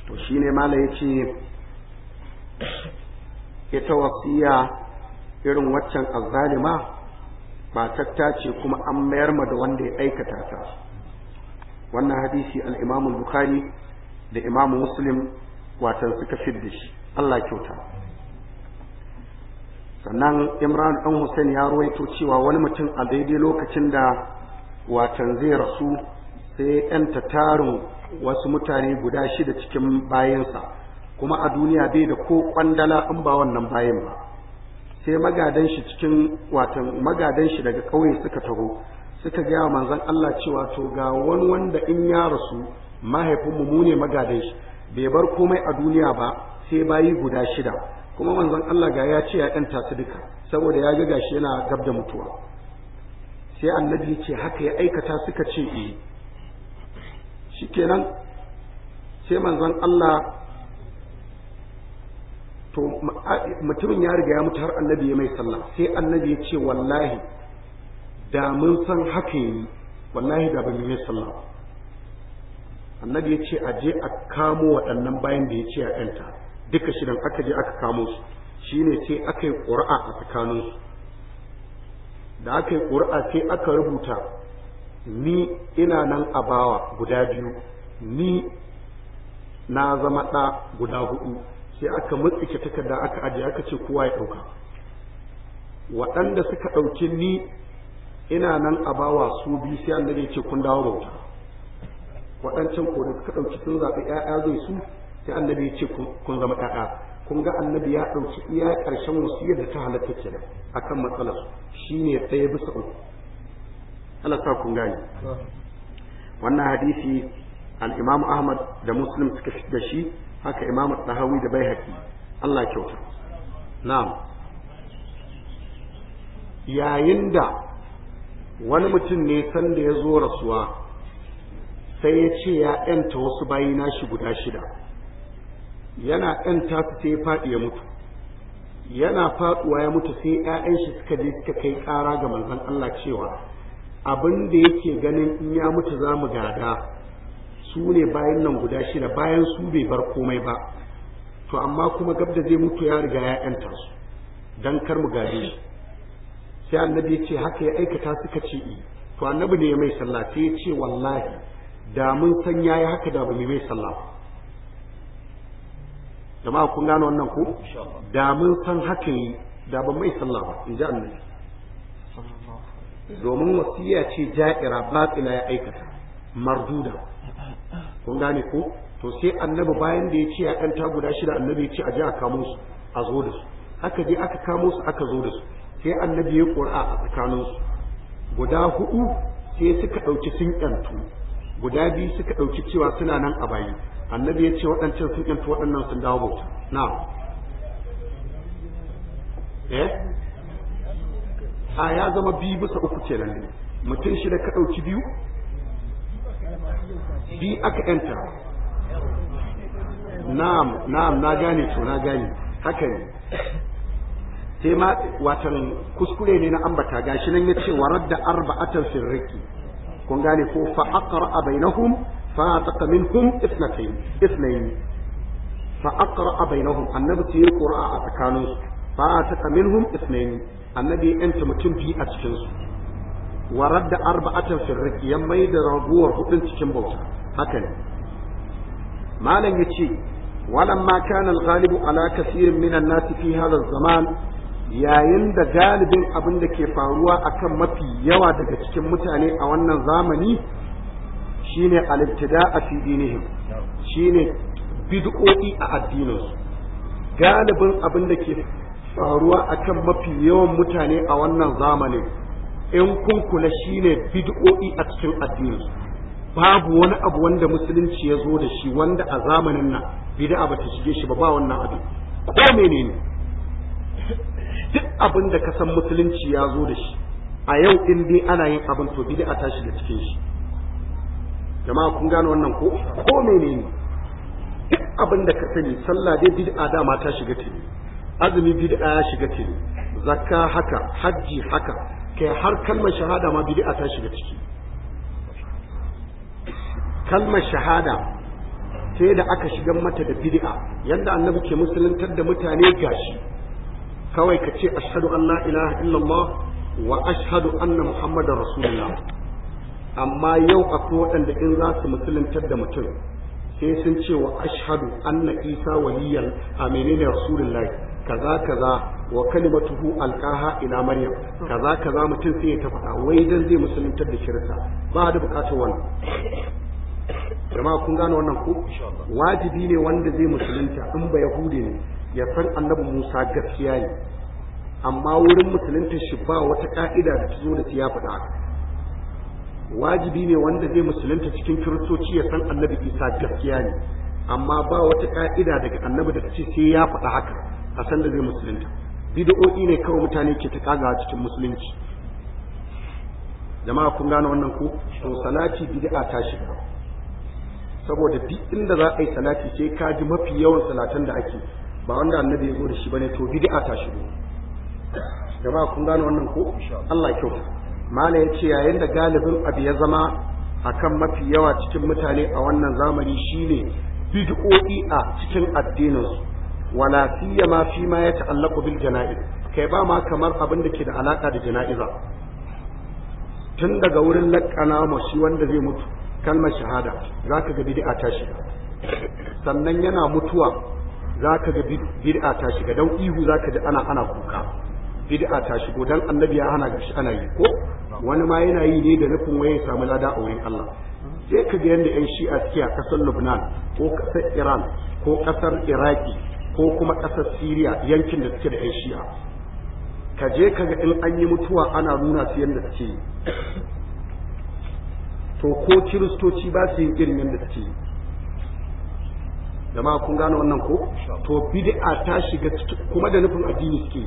to shi shine mala ce ita wasiya irin waccan azzalima ba tattace kuma an mayar ma da wanda ya aikata ta wannan hadisi al-Imam bukhari da Imam Muslim watan suka fidda shi Allah kyauta sannan imran ɗan hussein ya ruwaito cewa wani mutum a daidai lokacin da watan zai rasu sai yan tarin wasu mutane guda shida cikin bayansa kuma a duniya bai da ko kwandala in ba wannan bayan ba sai magadan shi cikin watan magadan shi daga ƙauye suka taho suka gaya wa manzan Allah cewa to ga wani wanda in ya rasu mahaifinmu mu ne magadan shi bai bar komai a duniya ba sai bayi guda shida kuma manzon Allah ga ya ce ya ɗanta su duka saboda ya ga gashi yana gab da mutuwa sai annabi ya ce haka ya aikata suka ce eh shikenan sai manzon Allah to mutumin ya riga ya mutu har annabi ya mai sallah sai annabi ya ce wallahi da mun san haka yi wallahi da ban mai sallah annabi ya ce a je a kamo waɗannan bayan da ya ce a 'yanta duka shi shidan aka je aka kamo su shine sai aka yi ƙuri'a a tsakanin da aka yi ƙuri'a sai aka rubuta ni ina nan a bawa guda biyu ni na zama ɗa guda hudu sai aka mutsike takarda aka ajiye aka ce kowa ya ɗauka waɗanda suka ɗauki ni ina nan a bawa su biyu sai annabi ya ce kun dawo bauta waɗancan ko suka ɗauki sun zaɓi ‘ya'ya zai su sai annabi ya ce kun zama ƴaƴa kun ga annabi ya ɗauki iya ƙarshen wasiyar da ta halatta a kan matsalar ne ɗaya bisa uku Allah sa kun gani wannan hadisi al Ahmad da Muslim suka fi da shi haka imamu Tahawi da bai haƙi Allah kyauta na'am yayin da wani mutum ne sanda ya zo rasuwa sai ya ce ya ‘yanta wasu bayi nashi guda shida yana ɗanta su sai ya faɗi ya mutu yana faɗuwa ya mutu sai ‘ya'yan shi suka je suka kai ƙara ga manzon Allah cewa abin da yake ganin in ya mutu za mu gada su ne bayan nan guda shida bayan su bai bar komai ba to amma kuma gab da zai mutu ya riga ya ‘yanta tasu don kar mu gade shi sai annabi ya ce haka ya aikata suka ce i to annabi ne ya mai sallah sai ya ce wallahi da mun san yayi haka da mu mai sallah jama'a kun gano wannan ko da mun san hakan yi da ban mai sallah ba in ji annabi domin wasiya ce ja'ira batsila ya aikata marduda kun gane ko to sai annabi bayan da ya ce ya ɗanta guda shida annabi ya ce a je a kamo su a zo da su aka je aka kamo su aka zo da su sai annabi ya ƙura a tsakaninsu guda hudu sai suka ɗauki sun ƴantu guda biyu suka ɗauki cewa suna nan a bayi annabi ya ce waɗancan sun ƙinta waɗannan sun dawo bauta na eh a ya zama biyu bisa uku ce nan mutum shida ka ɗauki biyu biyu aka yanta na'am na'am na gane to na gane haka ne sai ma watan kuskure ne na ambata gashi nan ya ce warar da arba'atan firriki kun gane ko fa aqra bainahum فاتق منهم اثنتين اثنين فأقرأ بينهم النبي تي قراءة أتكانوس فاتق منهم اثنين النبي أنت متم في أتكنس ورد أربعة في الرك يميد رغور حقن تشمبوس هكذا ما لن يتشي ولما كان الغالب على كثير من الناس في هذا الزمان yayin da galibin abin da ke faruwa akan mafi yawa daga cikin mutane a wannan zamani shine al-ibtida'a fi dinihim shine bid'o'i a addininsu galibin abin da ke faruwa akan mafi yawan mutane a wannan zamanin in kunkula shine bid'o'i a cikin addininsu babu wani abu wanda musulunci ya zo da shi wanda a zamanin nan bid'a ba ta shige shi ba ba wannan abu ko menene duk abin da ka san musulunci ya zo da shi a yau in dai ana yin abin to bid'a ta shiga cikin shi jama'a kun gane wannan ko ko menene duk abin da ka sani sallah dai bid'a dama ta shiga ce azumi bid'a ya shiga ce zakka haka hajji haka kai har kalmar shahada ma bid'a ta shiga ciki kalmar shahada sai da aka shiga mata da bid'a yanda annabi ke musuluntar da mutane gashi kawai ka ce ashhadu an la ilaha illallah wa ashhadu anna muhammadar rasulullah amma yau akwai waɗanda in za su musuluntar da mutum sai sun ce wa ashhadu anna isa waliyan a menene rasulullahi kaza kaza wa kalimatuhu alqaha ila maryam kaza kaza mutum sai ya ta wai dan zai musuluntar da shirka ba da bukatar wannan jama'a kun gane wannan ko wajibi ne wanda zai musulunta in ba yahudi ne ya san annabi musa gaskiya ne amma wurin musulunta shi ba wata ka'ida da ta zo da ta ya faɗa wajibi ne wanda zai musulunta cikin kiristoci ya san annabi isa gaskiya ne amma ba wata ka'ida daga annabi da ce sai ya faɗa haka a san da zai musulunta bid'o'i ne kawai mutane ke ta kagawa cikin musulunci jama'a kun gane wannan ku to salati bid'a ta shiga saboda duk inda za a yi salati sai ka ji mafi yawan salatan da ake ba wanda annabi ya zo da shi bane to bid'a ta shigo jama'a kun gane wannan ko Allah ya kyautata mala yace yayin da galibin abu ya zama a kan mafi yawa cikin mutane a wannan zamani shine bid'o'i a cikin addinin wala ma fi ma ya ta'allaqu bil jana'iz kai ba ma kamar abin da ke da alaka da jana'iza tun daga wurin laƙana mu shi wanda zai mutu kalmar shahada zaka ga bid'a ta shiga sannan yana mutuwa zaka ga bid'a ta shiga dan ihu zaka ji ana ana kuka bid'a ta shigo dan annabi ya hana gashi ana yi ko wani ma yana yi ne da nufin waye samu lada a wurin Allah sai ka ga yanda yan shi'a suke a kasar Lubnan ko kasar Iran ko kasar Iraki ko kuma kasar Syria yankin da suke da yan shi'a ka je ka ga in an yi mutuwa ana nuna su yanda suke yi to ko kiristoci ba su yin irin yanda suke yi ma kun gane wannan ko to bid'a ta shiga kuma da nufin addini suke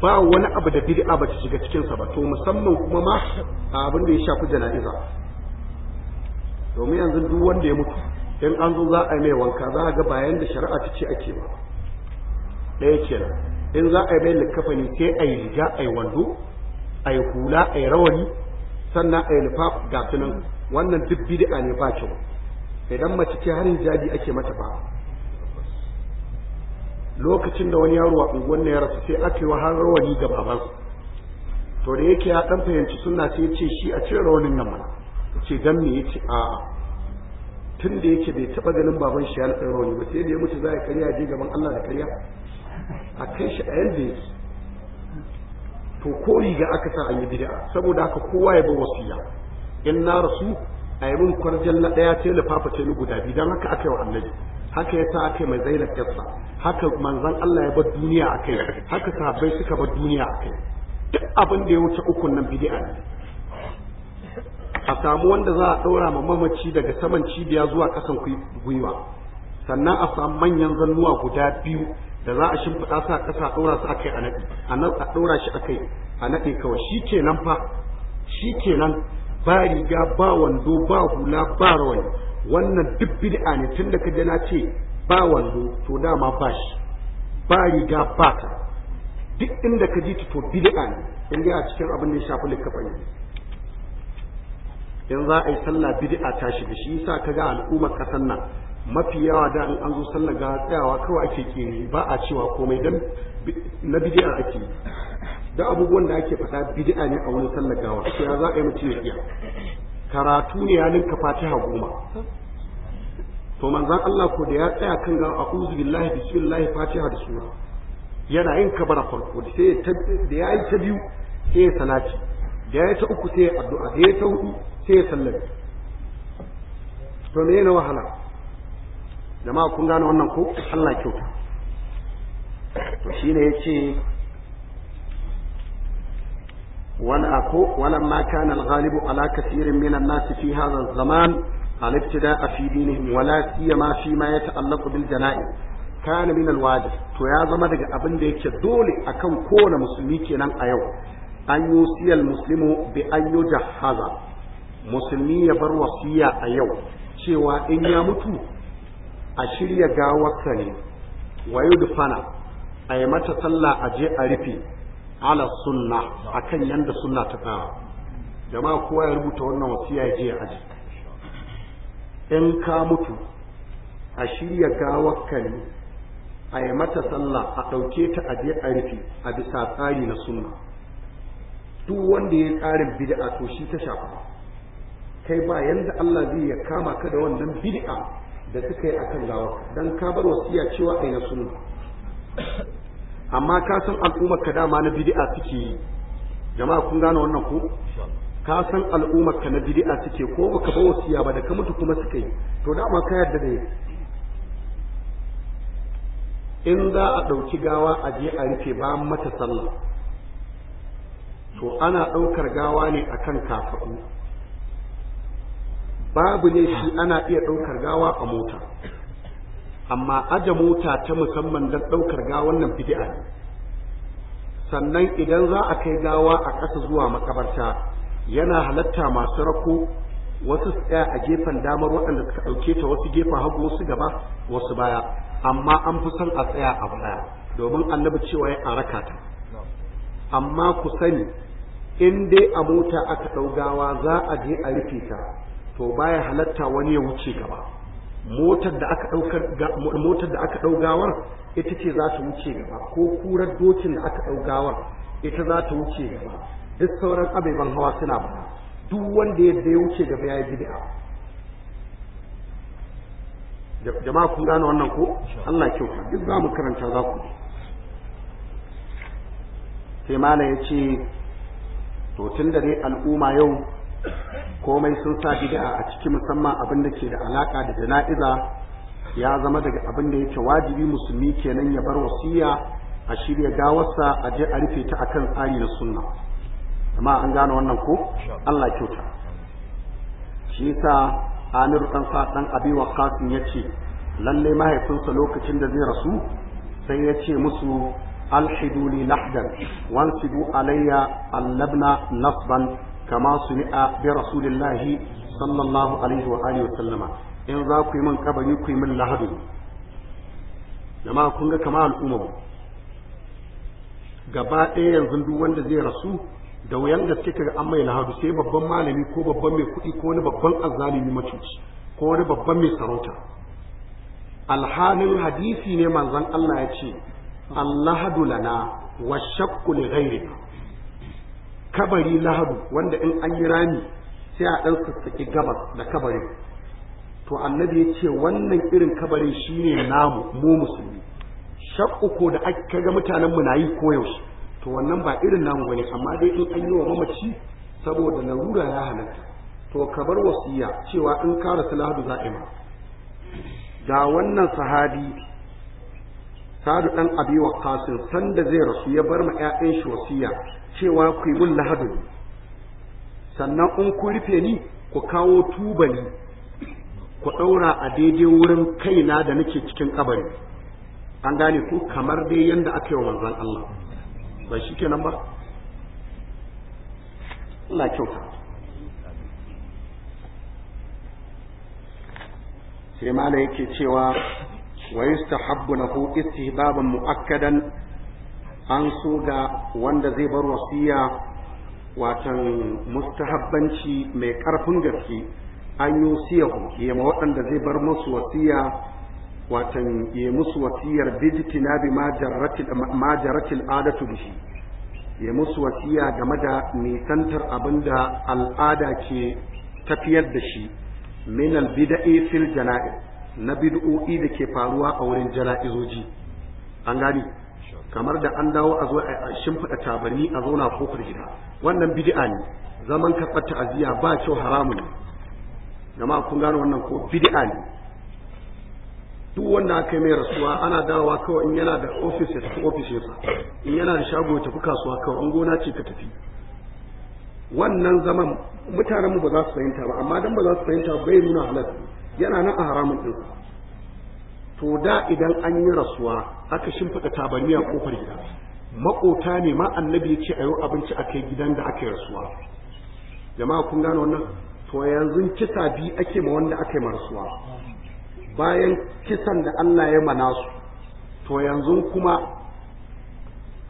ba wani abu da bid'a ba ta shiga sa ba to musamman kuma ma abin da ya shafi jana'iza domin yanzu duk wanda ya mutu in an zo za a yi mai wanka za a ga bayan da shari'a ta ce ake ba ɗaya kenan in za a yi mai likafani sai a yi riga a yi wando a yi hula a yi rawani sannan a yi lufa ga wannan duk bid'a ne ba kyau idan mace ce har hijabi ake mata ba lokacin da wani yaro a unguwan ya rasu sai aka yi wa har rawani ga babansa to da yake ya dan fahimci sunna sai ya ce shi a cire rawanin nan mana ce dan me yace a tun da yake bai taba ganin baban shi ya lada rawani ba sai da ya mutu za ya karya je gaban Allah da karya a kai shi a yanda yake to ko riga aka sa an yi bid'a saboda haka kowa ya bi wasiya in na rasu a yi min kwarjan na ɗaya ce lufafa ce guda biyu don haka aka yi wa annabi haka yasa aka mai Zainab kissa haka manzon Allah ya bar duniya akai haka sahabbai suka bar duniya akai duk abin da ya wuce ukun nan bid'a ne a samu wanda za a ɗora ma mamaci daga saman cibiya zuwa ƙasan gwiwa sannan a samu manyan zannuwa guda biyu da za a shimfiɗa su a ƙasa ɗora su akai a naɗi a nan a ɗora shi akai a naɗe kawai shi kenan fa shi kenan ba riga ba wando ba hula ba rawani wannan duk bid'a ne tunda ka je na ce ba wando to dama ba shi ba riga ba ta duk inda ka ji to bid'a ne in a cikin abin da ya shafi likafa in za a yi sallah bid'a ta shiga shi yasa kaga al'ummar kasan nan mafi yawa da in an zo sallah ga tsayawa kawai ake kere ba a cewa komai dan na bid'a ake da abubuwan da ake faɗa bid'a ne a wani sallah gawa sai za a yi mutum ya iya karatu ne ya ninka fatiha goma to manzan Allah ko da ya tsaya kan ga a'udhu billahi bismillah fatiha da sura yana yin kabara farko sai da ya yi ta biyu sai ya salati da ya yi ta uku sai ya addu'a da ya ta hudu sai ya sallame to me na wahala jama'a kun gane wannan ko Allah kyauta to shine yace ولما كان الغالب على كثير من الناس في هذا الزمان الابتداء في دينهم ولا سيما فيما يتعلق بالجنائز كان من الواجب to ya zama daga abin da yake dole akan kowane musulmi kenan a yau an yusiyal muslimu bi an yujahhaza musulmi ya bar wasiya a yau cewa in ya mutu a shirya gawarsa ne wa yudfana a yi mata sallah a je a rufe ala sunna akan yanda sunna ta fara jama'a kowa ya rubuta wannan wasiya ya je ya aji in ka mutu a shirya gawar ne a yi mata sallah a ɗauke ta a je a rufe a bisa tsari na sunna duk wanda ya tsarin bid'a to shi ta shafa kai ba yanda Allah zai ya kama ka da wannan bid'a da suka yi akan gawar, don ka bar wasiya cewa ai na sunna amma ka san al'ummar ka dama na bid'a suke yi jama'a kun gane wannan ko ka san al'ummar ka na bid'a suke ko baka ba wasiya ba da ka mutu kuma suka yi to dama ka yarda da in za a ɗauki gawa a je a rufe ba mata sallah to ana ɗaukar gawa ne akan kafaɗu babu ne shi ana iya ɗaukar gawa a mota amma aje mota ta musamman don ɗaukar ga wannan fidi'a ne sannan idan za a kai gawa a ƙasa zuwa makabarta yana halatta masu rako wasu tsaya a gefen damar waɗanda suka ɗauke ta wasu gefen hagu wasu gaba wasu baya amma an fi son a tsaya a baya domin annabi cewa ya araka ta amma ku sani in dai a mota aka ɗau gawa za a je a rufe ta to baya halatta wani ya wuce gaba motar da aka daukar motar da aka daugawar ita ce za ta wuce gaba ko kurar dokin da aka daugawar ita za ta wuce gaba duk sauran abeban hawa suna ba duk wanda yadda ya wuce gaba ya yi bid'a jama'a kun gane wannan ko Allah ya kyauta duk za mu karanta za ku sai mana ya ce to tun da dai al'umma yau komai sun sa bid'a a ciki musamman abin da ke da alaka da jana'iza ya zama daga abin da yake wajibi musulmi kenan ya bar wasiya a shirya gawarsa a je a rufe ta akan tsari na sunna amma an gane wannan ko Allah kyauta shi yasa Amir dan sa dan Abi Waqqas ce lalle mahaifinsa lokacin da zai rasu sai ya ce musu alhidu li lahdan wansibu alayya allabna nasban kama sumi'a bi rasulillahi sallallahu alaihi wa alihi wa in za ku yi min kabari ku yi min lahadu jama'a kun ga kama al'umma gaba ɗaya yanzu duk wanda zai rasu da wuyan gaske kaga an mai lahadu sai babban malami ko babban mai kuɗi ko wani babban azzalimi macuci ko wani babban mai sarauta alhalin hadisi ne manzon Allah ya ce allahadu lana wa shakku li ghayrina kabari lahabu wanda in an yi rami sai a ɗan sassaƙi gabas da kabarin to annabi ya ce wannan irin kabarin shine namu mu musulmi shakku da aka ga mutanen mu na yi koyaushe to wannan ba irin namu bane amma dai in an yi wa mamaci saboda larura ya halatta to ka bar wasiya cewa in ka rasu lahadu ima ga wannan sahabi sadu dan abi waqasin sanda zai rasu ya bar ma yayan shi wasiya cewa ku yi mun lahadu sannan in ku rufe ni ku kawo tubali ku ɗaura a daidai wurin kaina da nake cikin kabari an gane ku kamar dai yadda aka yi wa manzon Allah ba shi nan ba Allah kyauta sai mala yake cewa wa yustahabbu lahu istihbaban mu'akkadan an so ga wanda zai bar wasiya watan mustahabbanci mai karfin gaske an yi siyahu ya ma waɗanda zai bar musu wasiya watan ya musu wasiyar na bi majaratil adatu bishi ya musu wasiya game da nisantar abin da al'ada ke tafiyar da shi min albida'i fil jana'iz na bid'o'i da ke faruwa a wurin jana'izoji an gani kamar da an dawo a zo a shimfiɗa tabarni a zauna kofar gida wannan bid'a ne zaman karɓar aziya ba kyau haramun ne jama'a kun gano wannan ko bid'a ne duk wanda aka yi mai rasuwa ana dawowa kawai in yana da ofis ya tafi ofis ya in yana da shago ya tafi kasuwa kawai in gona ce ka tafi wannan zaman mutanenmu ba za su fahimta ba amma dan ba za su fahimta bai nuna halatta yana nan a haramun ɗinsa to da idan an yi rasuwa aka shimfiɗa tabarmi a kofar gida maƙota ne ma annabi ya ce a yau abinci a kai gidan da aka yi rasuwa jama'a kun gano wannan to yanzu kisa bi ake ma wanda aka yi rasuwa bayan kisan da Allah ya mana su to yanzu kuma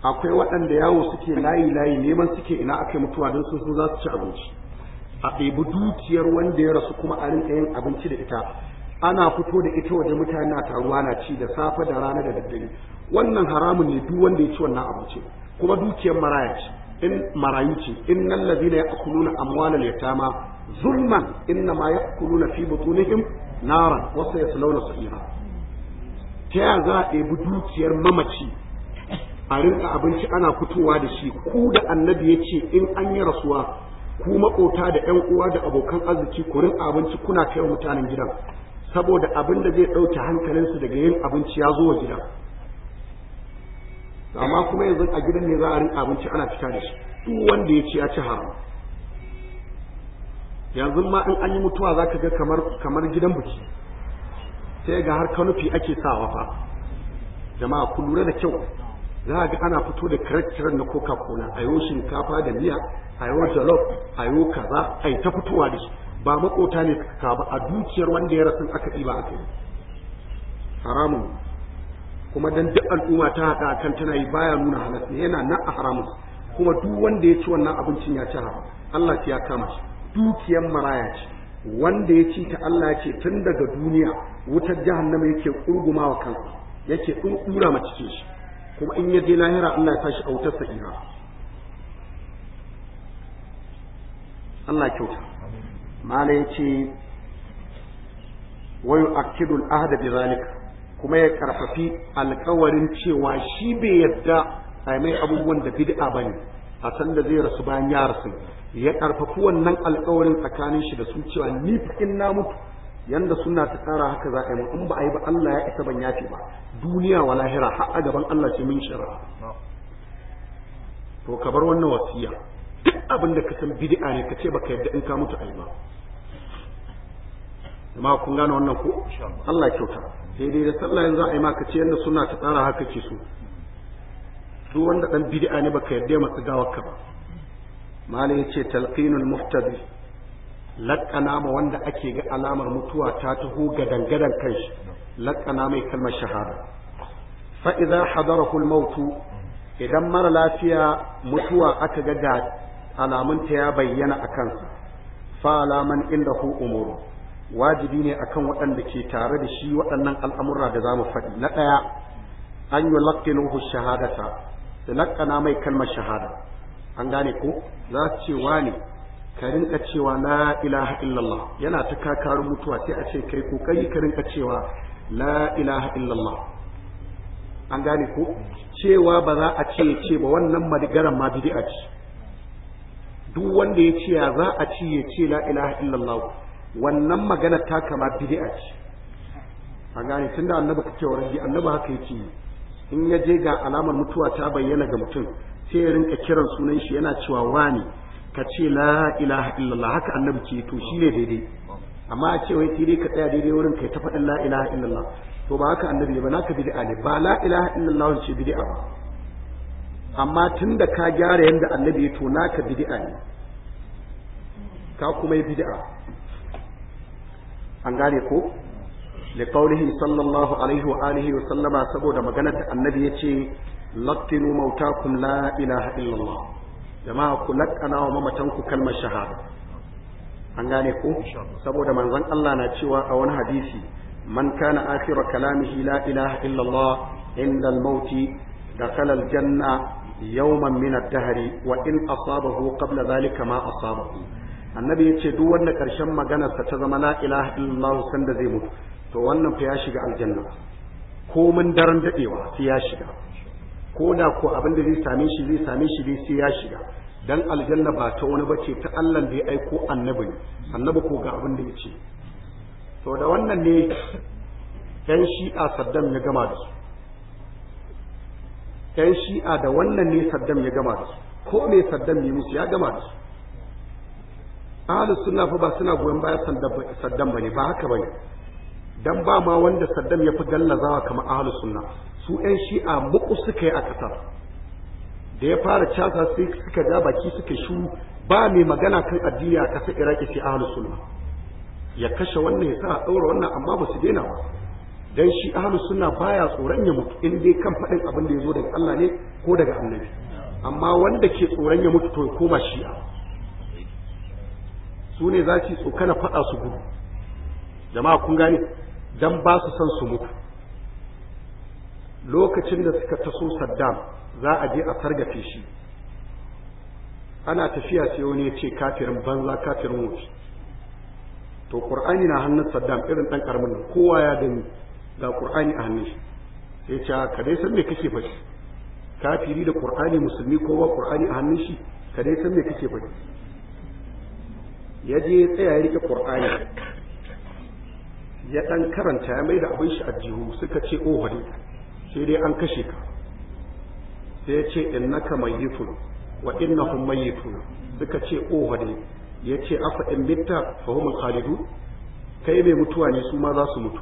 akwai waɗanda yawo suke layi layi neman suke ina aka yi mutuwa don sun za su ci abinci a ɗebi dukiyar wanda ya rasu kuma a rinka yin abinci da ita ana fito da ita waje mutane na taruwa na ci da safe da rana da daddare wannan haramun ne duk wanda ya ci wannan abu ce kuma dukiyar maraya ce in marayu ce innal ladina ya'kuluna amwalal yatama zulman innama ya'kuluna fi butunihim naran wasu yaslawna sa'ira ta ya za a ɗebi dukiyar mamaci a rinka abinci ana fitowa da shi ku da annabi ya ce in an yi rasuwa ku maƙota da 'yan uwa da abokan arziki ku rinka abinci kuna kai mutanen gidan saboda abin da zai ɗauke hankalinsu daga yin abinci ya zo wa gida amma kuma yanzu a gidan ne za a rin abinci ana fita da shi duk wanda ya ci ya ci haram yanzu ma in an yi mutuwa za ka ga kamar gidan biki sai ga har kanufi ake sawa fa jama'a ku lura da kyau za ga ana fito da karakciran na coca cola a yau shinkafa da miya a yau jalof a yau kaza a ta fitowa da shi ba makota ne suka ba a dukiyar wanda ya rasu aka ɗiba a yi haramun kuma dan duk al'umma ta haɗa kan tana yi baya nuna halatta yana na a haramun kuma duk wanda ya ci wannan abincin ya ci haram Allah ya kama shi dukiyar maraya ce wanda ya ci ta Allah ya ce tun daga duniya wutar jahannama yake kurguma wa kansa yake kurkura ma cikin shi kuma in ya je lahira Allah ya sa shi wutar sa'ira Allah kyauta mala ya ce wayo akidul ahda bi zalika kuma ya karfafi alkawarin cewa shi bai yadda a mai abubuwan da bid'a bane a san da zai rasu bayan ya rasu ya karfafi wannan alkawarin tsakanin shi da su cewa ni in na mutu yanda suna ta tsara haka za a yi in ba a yi ba Allah ya isa ban yafe ba duniya wa lahira har a gaban Allah ce min shara to ka wannan wasiya duk abin da ka san bid'a ne ka ce baka yadda in ka mutu ai ba amma kun gane wannan ko Allah ya kyauta sai dai da sallah yanzu ai ma ka ce yanda suna ta tsara haka ke so duk wanda dan bid'a ne baka yadda masa ka ba malai yace talqinul muftadi laqana ma wanda ake ga alamar mutuwa ta taho ga dangadan kanshi laqana mai kalmar shahada fa idza hadarahu al idan mara lafiya mutuwa aka ga alamunta ya bayyana a kansa fa alaman inda ku umuru wajibi ne akan waɗanda ke tare da shi waɗannan al'amurra da za mu faɗi na ɗaya an yi laƙinuhu shahadata da laƙana mai kalmar shahada an gane ko za su ce ne ka rinka cewa la ilaha illallah yana ta kakarun mutuwa sai a ce kai kokari ka rinka cewa la ilaha illallah an gane ko cewa ba za a ce ce ba wannan madigaran ma bidi'a ce duk wanda ya ce ya za a ci ya ce la ilaha illallah wannan magana ta kama bid'a ce a gane da annabi kake wa rabbi annabi haka yake in ya je ga alamar mutuwa ta bayyana ga mutum sai ya rinka kiran sunan shi yana cewa wani ka ce la ilaha illallah haka annabi ce to shine daidai amma a ce wai sai ka tsaya daidai wurin kai ta faɗin la ilaha illallah to ba haka annabi ba naka bid'a ne ba la ilaha illallah ce bid'a ba amma tun da ka gyara yadda annabi ya to naka bid'a ne ka kuma yi bid'a an gane ko da kaulihi sallallahu alaihi wa alihi wa sallama saboda maganar da annabi ya ce lattinu mautakum la ilaha illallah jama'a ku laƙana wa mamatanku kalmar shahada an gane ko saboda manzon Allah na cewa a wani hadisi man kana akhiru kalamihi la ilaha illallah inda al-mauti دخل الجنة يوما من الدهر وإن أصابه قبل ذلك ما أصابه annabi ya ce duk wanda ƙarshen maganarsa ta zama la ilaha illallah sanda zai mutu to wannan fa ya shiga aljanna komin daren dadewa sai ya shiga ko da ko abin da zai same shi zai same shi dai sai ya shiga dan aljanna ba ta wani bace ta Allah da ya aiko annabi ne annabi ko ga abin da ya ce to da wannan ne yan shi'a Saddam ya gama da su yan shi'a da wannan ne saddam ya gama da su ko ne saddam ya musu ya gama da su ahalus suna fa ba suna goyon baya saddam ba ne ba haka ba ne don ba ma wanda saddam ya fi gallazawa kamar ahalus suna su yan shi'a muku suka yi a ƙasar da ya fara casa sai suka ja baki suka shu ba mai magana kan addini a ƙasar iraki sai ahalus suna ya kashe wannan ya sa a ɗaura wannan amma ba su daina ba dan shi ahlu sunna baya tsoron ya mutu in dai kan faɗin abin da ya zo daga Allah ne ko daga annabi amma wanda ke tsoron ya mutu to ya koma shi'a su ne za su tsokana faɗa su gudu jama'a kun gane dan ba su san su mutu lokacin da suka taso saddam za a je a targafe shi ana tafiya sai wani ya ce kafirin banza kafirin wuce to ƙur'ani na hannun saddam irin ɗan ƙaramin kowa ya gani ga qur'ani a hannun shi sai ce ah, ka dai san me kake faɗi kafiri da qur'ani musulmi ko ba qur'ani a hannun shi ka dai san me kake faɗi ya je tsaya ya rike qur'ani ya dan karanta ya mai da abin shi a jihu suka ce oh wani sai dai an kashe ka sai ya ce innaka mayyitun wa innahum mayyitun suka ce oh wani ya ce afa in bitta fa humul khalidun kai mai mutuwa ne su ma za su mutu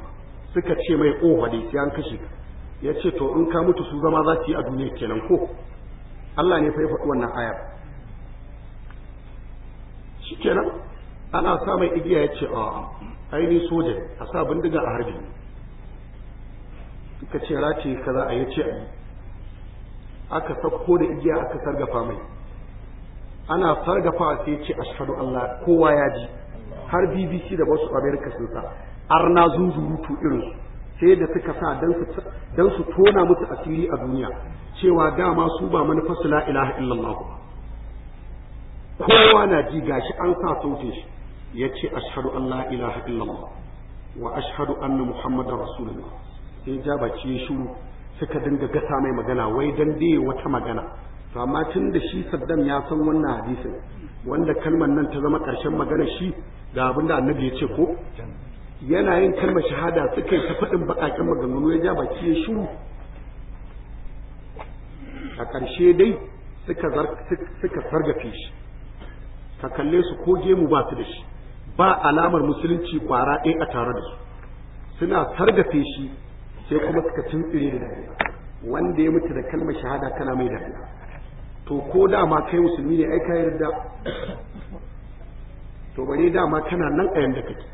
suka ce mai oha dai sai an kashe ya ce to in ka mutu su zama za su yi a duniya kenan ko Allah ne fa ya faɗi wannan ayar shi kenan ana sa mai igiya ya ce a aini soja a sa bindiga a harbi suka ce race kaza a yace a yi aka sauko da igiya aka sargafa mai ana sargafa sai ce ashhadu Allah kowa ya ji har BBC da wasu America sun sa arna zunzurutu irin sai da suka sa don su tona musu asiri a duniya cewa dama su ba manufarsu la ilaha illallah kowa na ji gashi an sa sautin shi ya ce ashadu an la ilaha illallah wa ashhadu anna muhammadar rasulullah sai ja baci shiru suka dinga gasa mai magana wai dan dai wata magana to amma tun da shi Saddam ya san wannan hadisin wanda kalmar nan ta zama ƙarshen magana shi ga abin da annabi ya ce ko yana yin kalmar shahada suka yi ta faɗin baƙaƙen maganganu ya ja baki ya shiru a ƙarshe dai suka sargafe shi ka kalle su ko gemu ba su da shi ba alamar musulunci kwara ɗaya a tare da su suna sargafe shi sai kuma suka cin tuntsire da dariya wanda ya mutu da kalmar shahada kana mai dariya to ko dama kai musulmi ne ai ka yarda to bare dama kana nan a yanda kake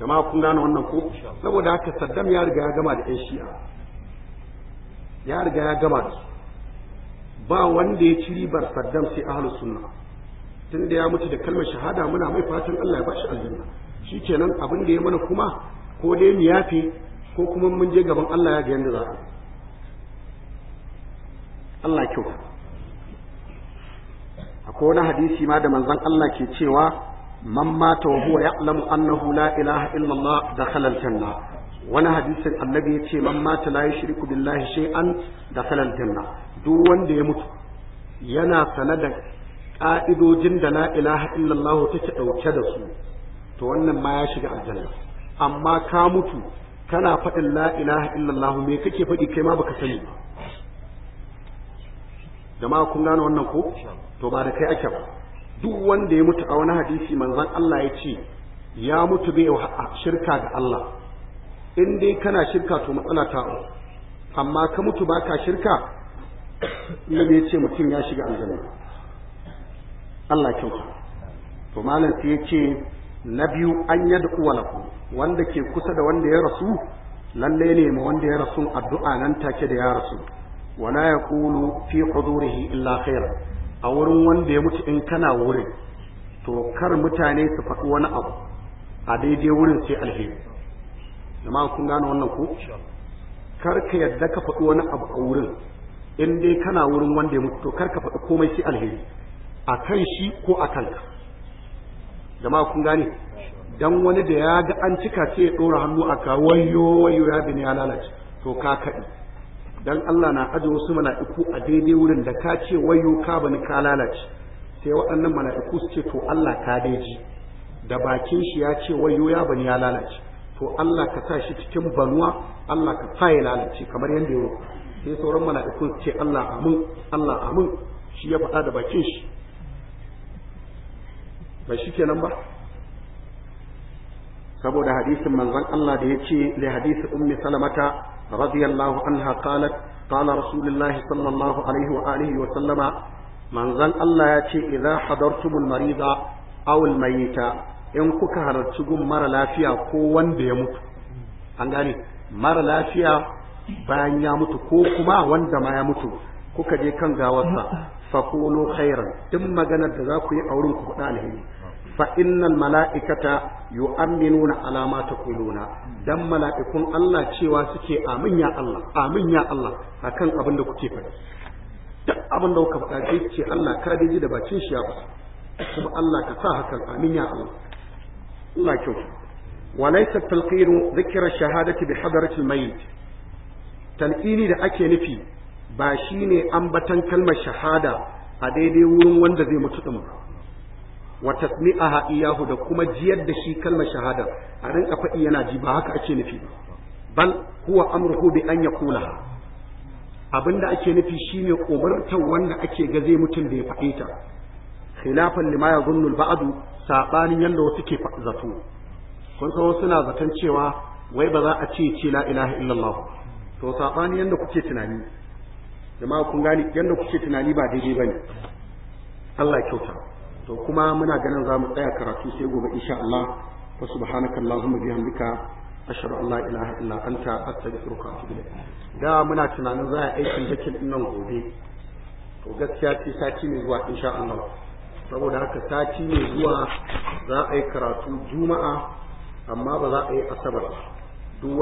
jama'a kun gane wannan ko saboda haka saddam ya riga ya gama da yan shi'a ya riga ya gama da ba wanda ya ci ribar saddam sai ahlus sunna tun da ya mutu da kalmar shahada muna mai fatan Allah ya bashi aljanna shikenan abin da ya mana kuma ko dai mu yafe ko kuma mun je gaban Allah ya ga yanda za a Allah kyau akwai wani hadisi ma da manzon Allah ke cewa man mata wa huwa ya'lamu annahu la ilaha illallah dakhala al-janna wani hadisin annabi ya ce man mata la yushriku billahi shay'an dakhala al duk wanda ya mutu yana sanadar ka'idojin da la ilaha illallah take dauke da su to wannan ma ya shiga aljanna amma ka mutu kana faɗin la ilaha illallah me kake faɗi kai ma baka sani ba jama'a kun gane wannan ko to ba da kai ake ba duk wanda ya mutu a wani hadisi manzon Allah ya ce ya mutu bai wa shirka ga Allah in dai kana shirka to matsala ta amma ka mutu baka shirka nabi ya ce mutum ya shiga aljanna Allah kyauta to malam sai ya ce na biyu an wa uwalaku wanda ke kusa da wanda ya rasu lalle ne ma wanda ya rasu addu'a nan take da ya rasu wala yaqulu fi hudurihi illa khairan a wurin wanda ya mutu in kana wurin to kar mutane su faɗi wani abu a daidai wurin sai alheri amma kun gane wannan ku? kar ka yadda ka faɗi wani abu a wurin in dai kana wurin wanda ya mutu to kar ka faɗi komai sai alheri a kan shi ko a kanka jama'a kun gane dan wani da ya ga an cika sai ya ɗora hannu a ka wayo wayo ya bi ya lalace to ka kaɗi dan Allah na aje wasu mala'iku a daidai wurin da ka ce wayo ka bani ka lalace sai waɗannan mala'iku su ce to Allah ka daiji da bakin shi ya ce wayo ya bani ya lalace to Allah ka sa shi cikin banuwa Allah ka sa ya lalace kamar yadda ya sai sauran mala'iku su ce Allah amin Allah amin shi ya faɗa da bakin shi ba shi kenan ba saboda hadisin manzon Allah da ya ce li hadisi ummi salamata رضي الله عنها قالت قال رسول الله صلى الله عليه وآله وسلم من ظل الله يأتي إذا حضرتم المريض أو الميت إن كك هرتكم مر لا فيها كون بيموت أنغاني مر لا فيها bayan ya mutu ko kuma wanda ma ya mutu kuka je kan gawarsa faqulu khairan duk maganar da za ku yi a wurin ku faɗa alheri fa innal mala'ikata yu'minuna ala ma taquluna dan mala'ikun Allah cewa suke amin ya Allah amin ya Allah akan abin da kuke faɗi duk abin da kuka faɗa sai ce Allah ka dai ji da bacin shi ya faɗa kuma Allah ka sa hakan amin ya Allah ina kyau walaysa talqiru dhikra shahadati bi hadratil mayit. talqini da ake nufi ba shine ambatan kalmar shahada a daidai wurin wanda zai mutu din ba wa tasmi'aha iyahu da kuma jiyar da shi kalmar shahada a rinka faɗi yana ji ba haka ake nufi ba bal huwa amruhu bi an yaqulaha abinda ake nufi shine umurtar wanda ake ga zai mutum da ya faɗe ta khilafan lima yadhunnu al-ba'du sabanin yanda wasu ke zato kun san wasu na zaton cewa wai ba za a ce ce la ilaha illallah to sabanin yanda kuke tunani jama'a kun gani yanda kuke tunani ba daidai bane Allah kyauta to kuma muna ganin za mu tsaya karatu sai gobe insha Allah wa subhanaka allahumma bihamdika ashhadu an la ilaha illa anta astaghfiruka wa atubu da muna tunanin za a aikin dakin din nan gobe to gaskiya ce sati ne zuwa insha Allah saboda haka sati ne zuwa za a yi karatu juma'a amma ba za a yi asabar duk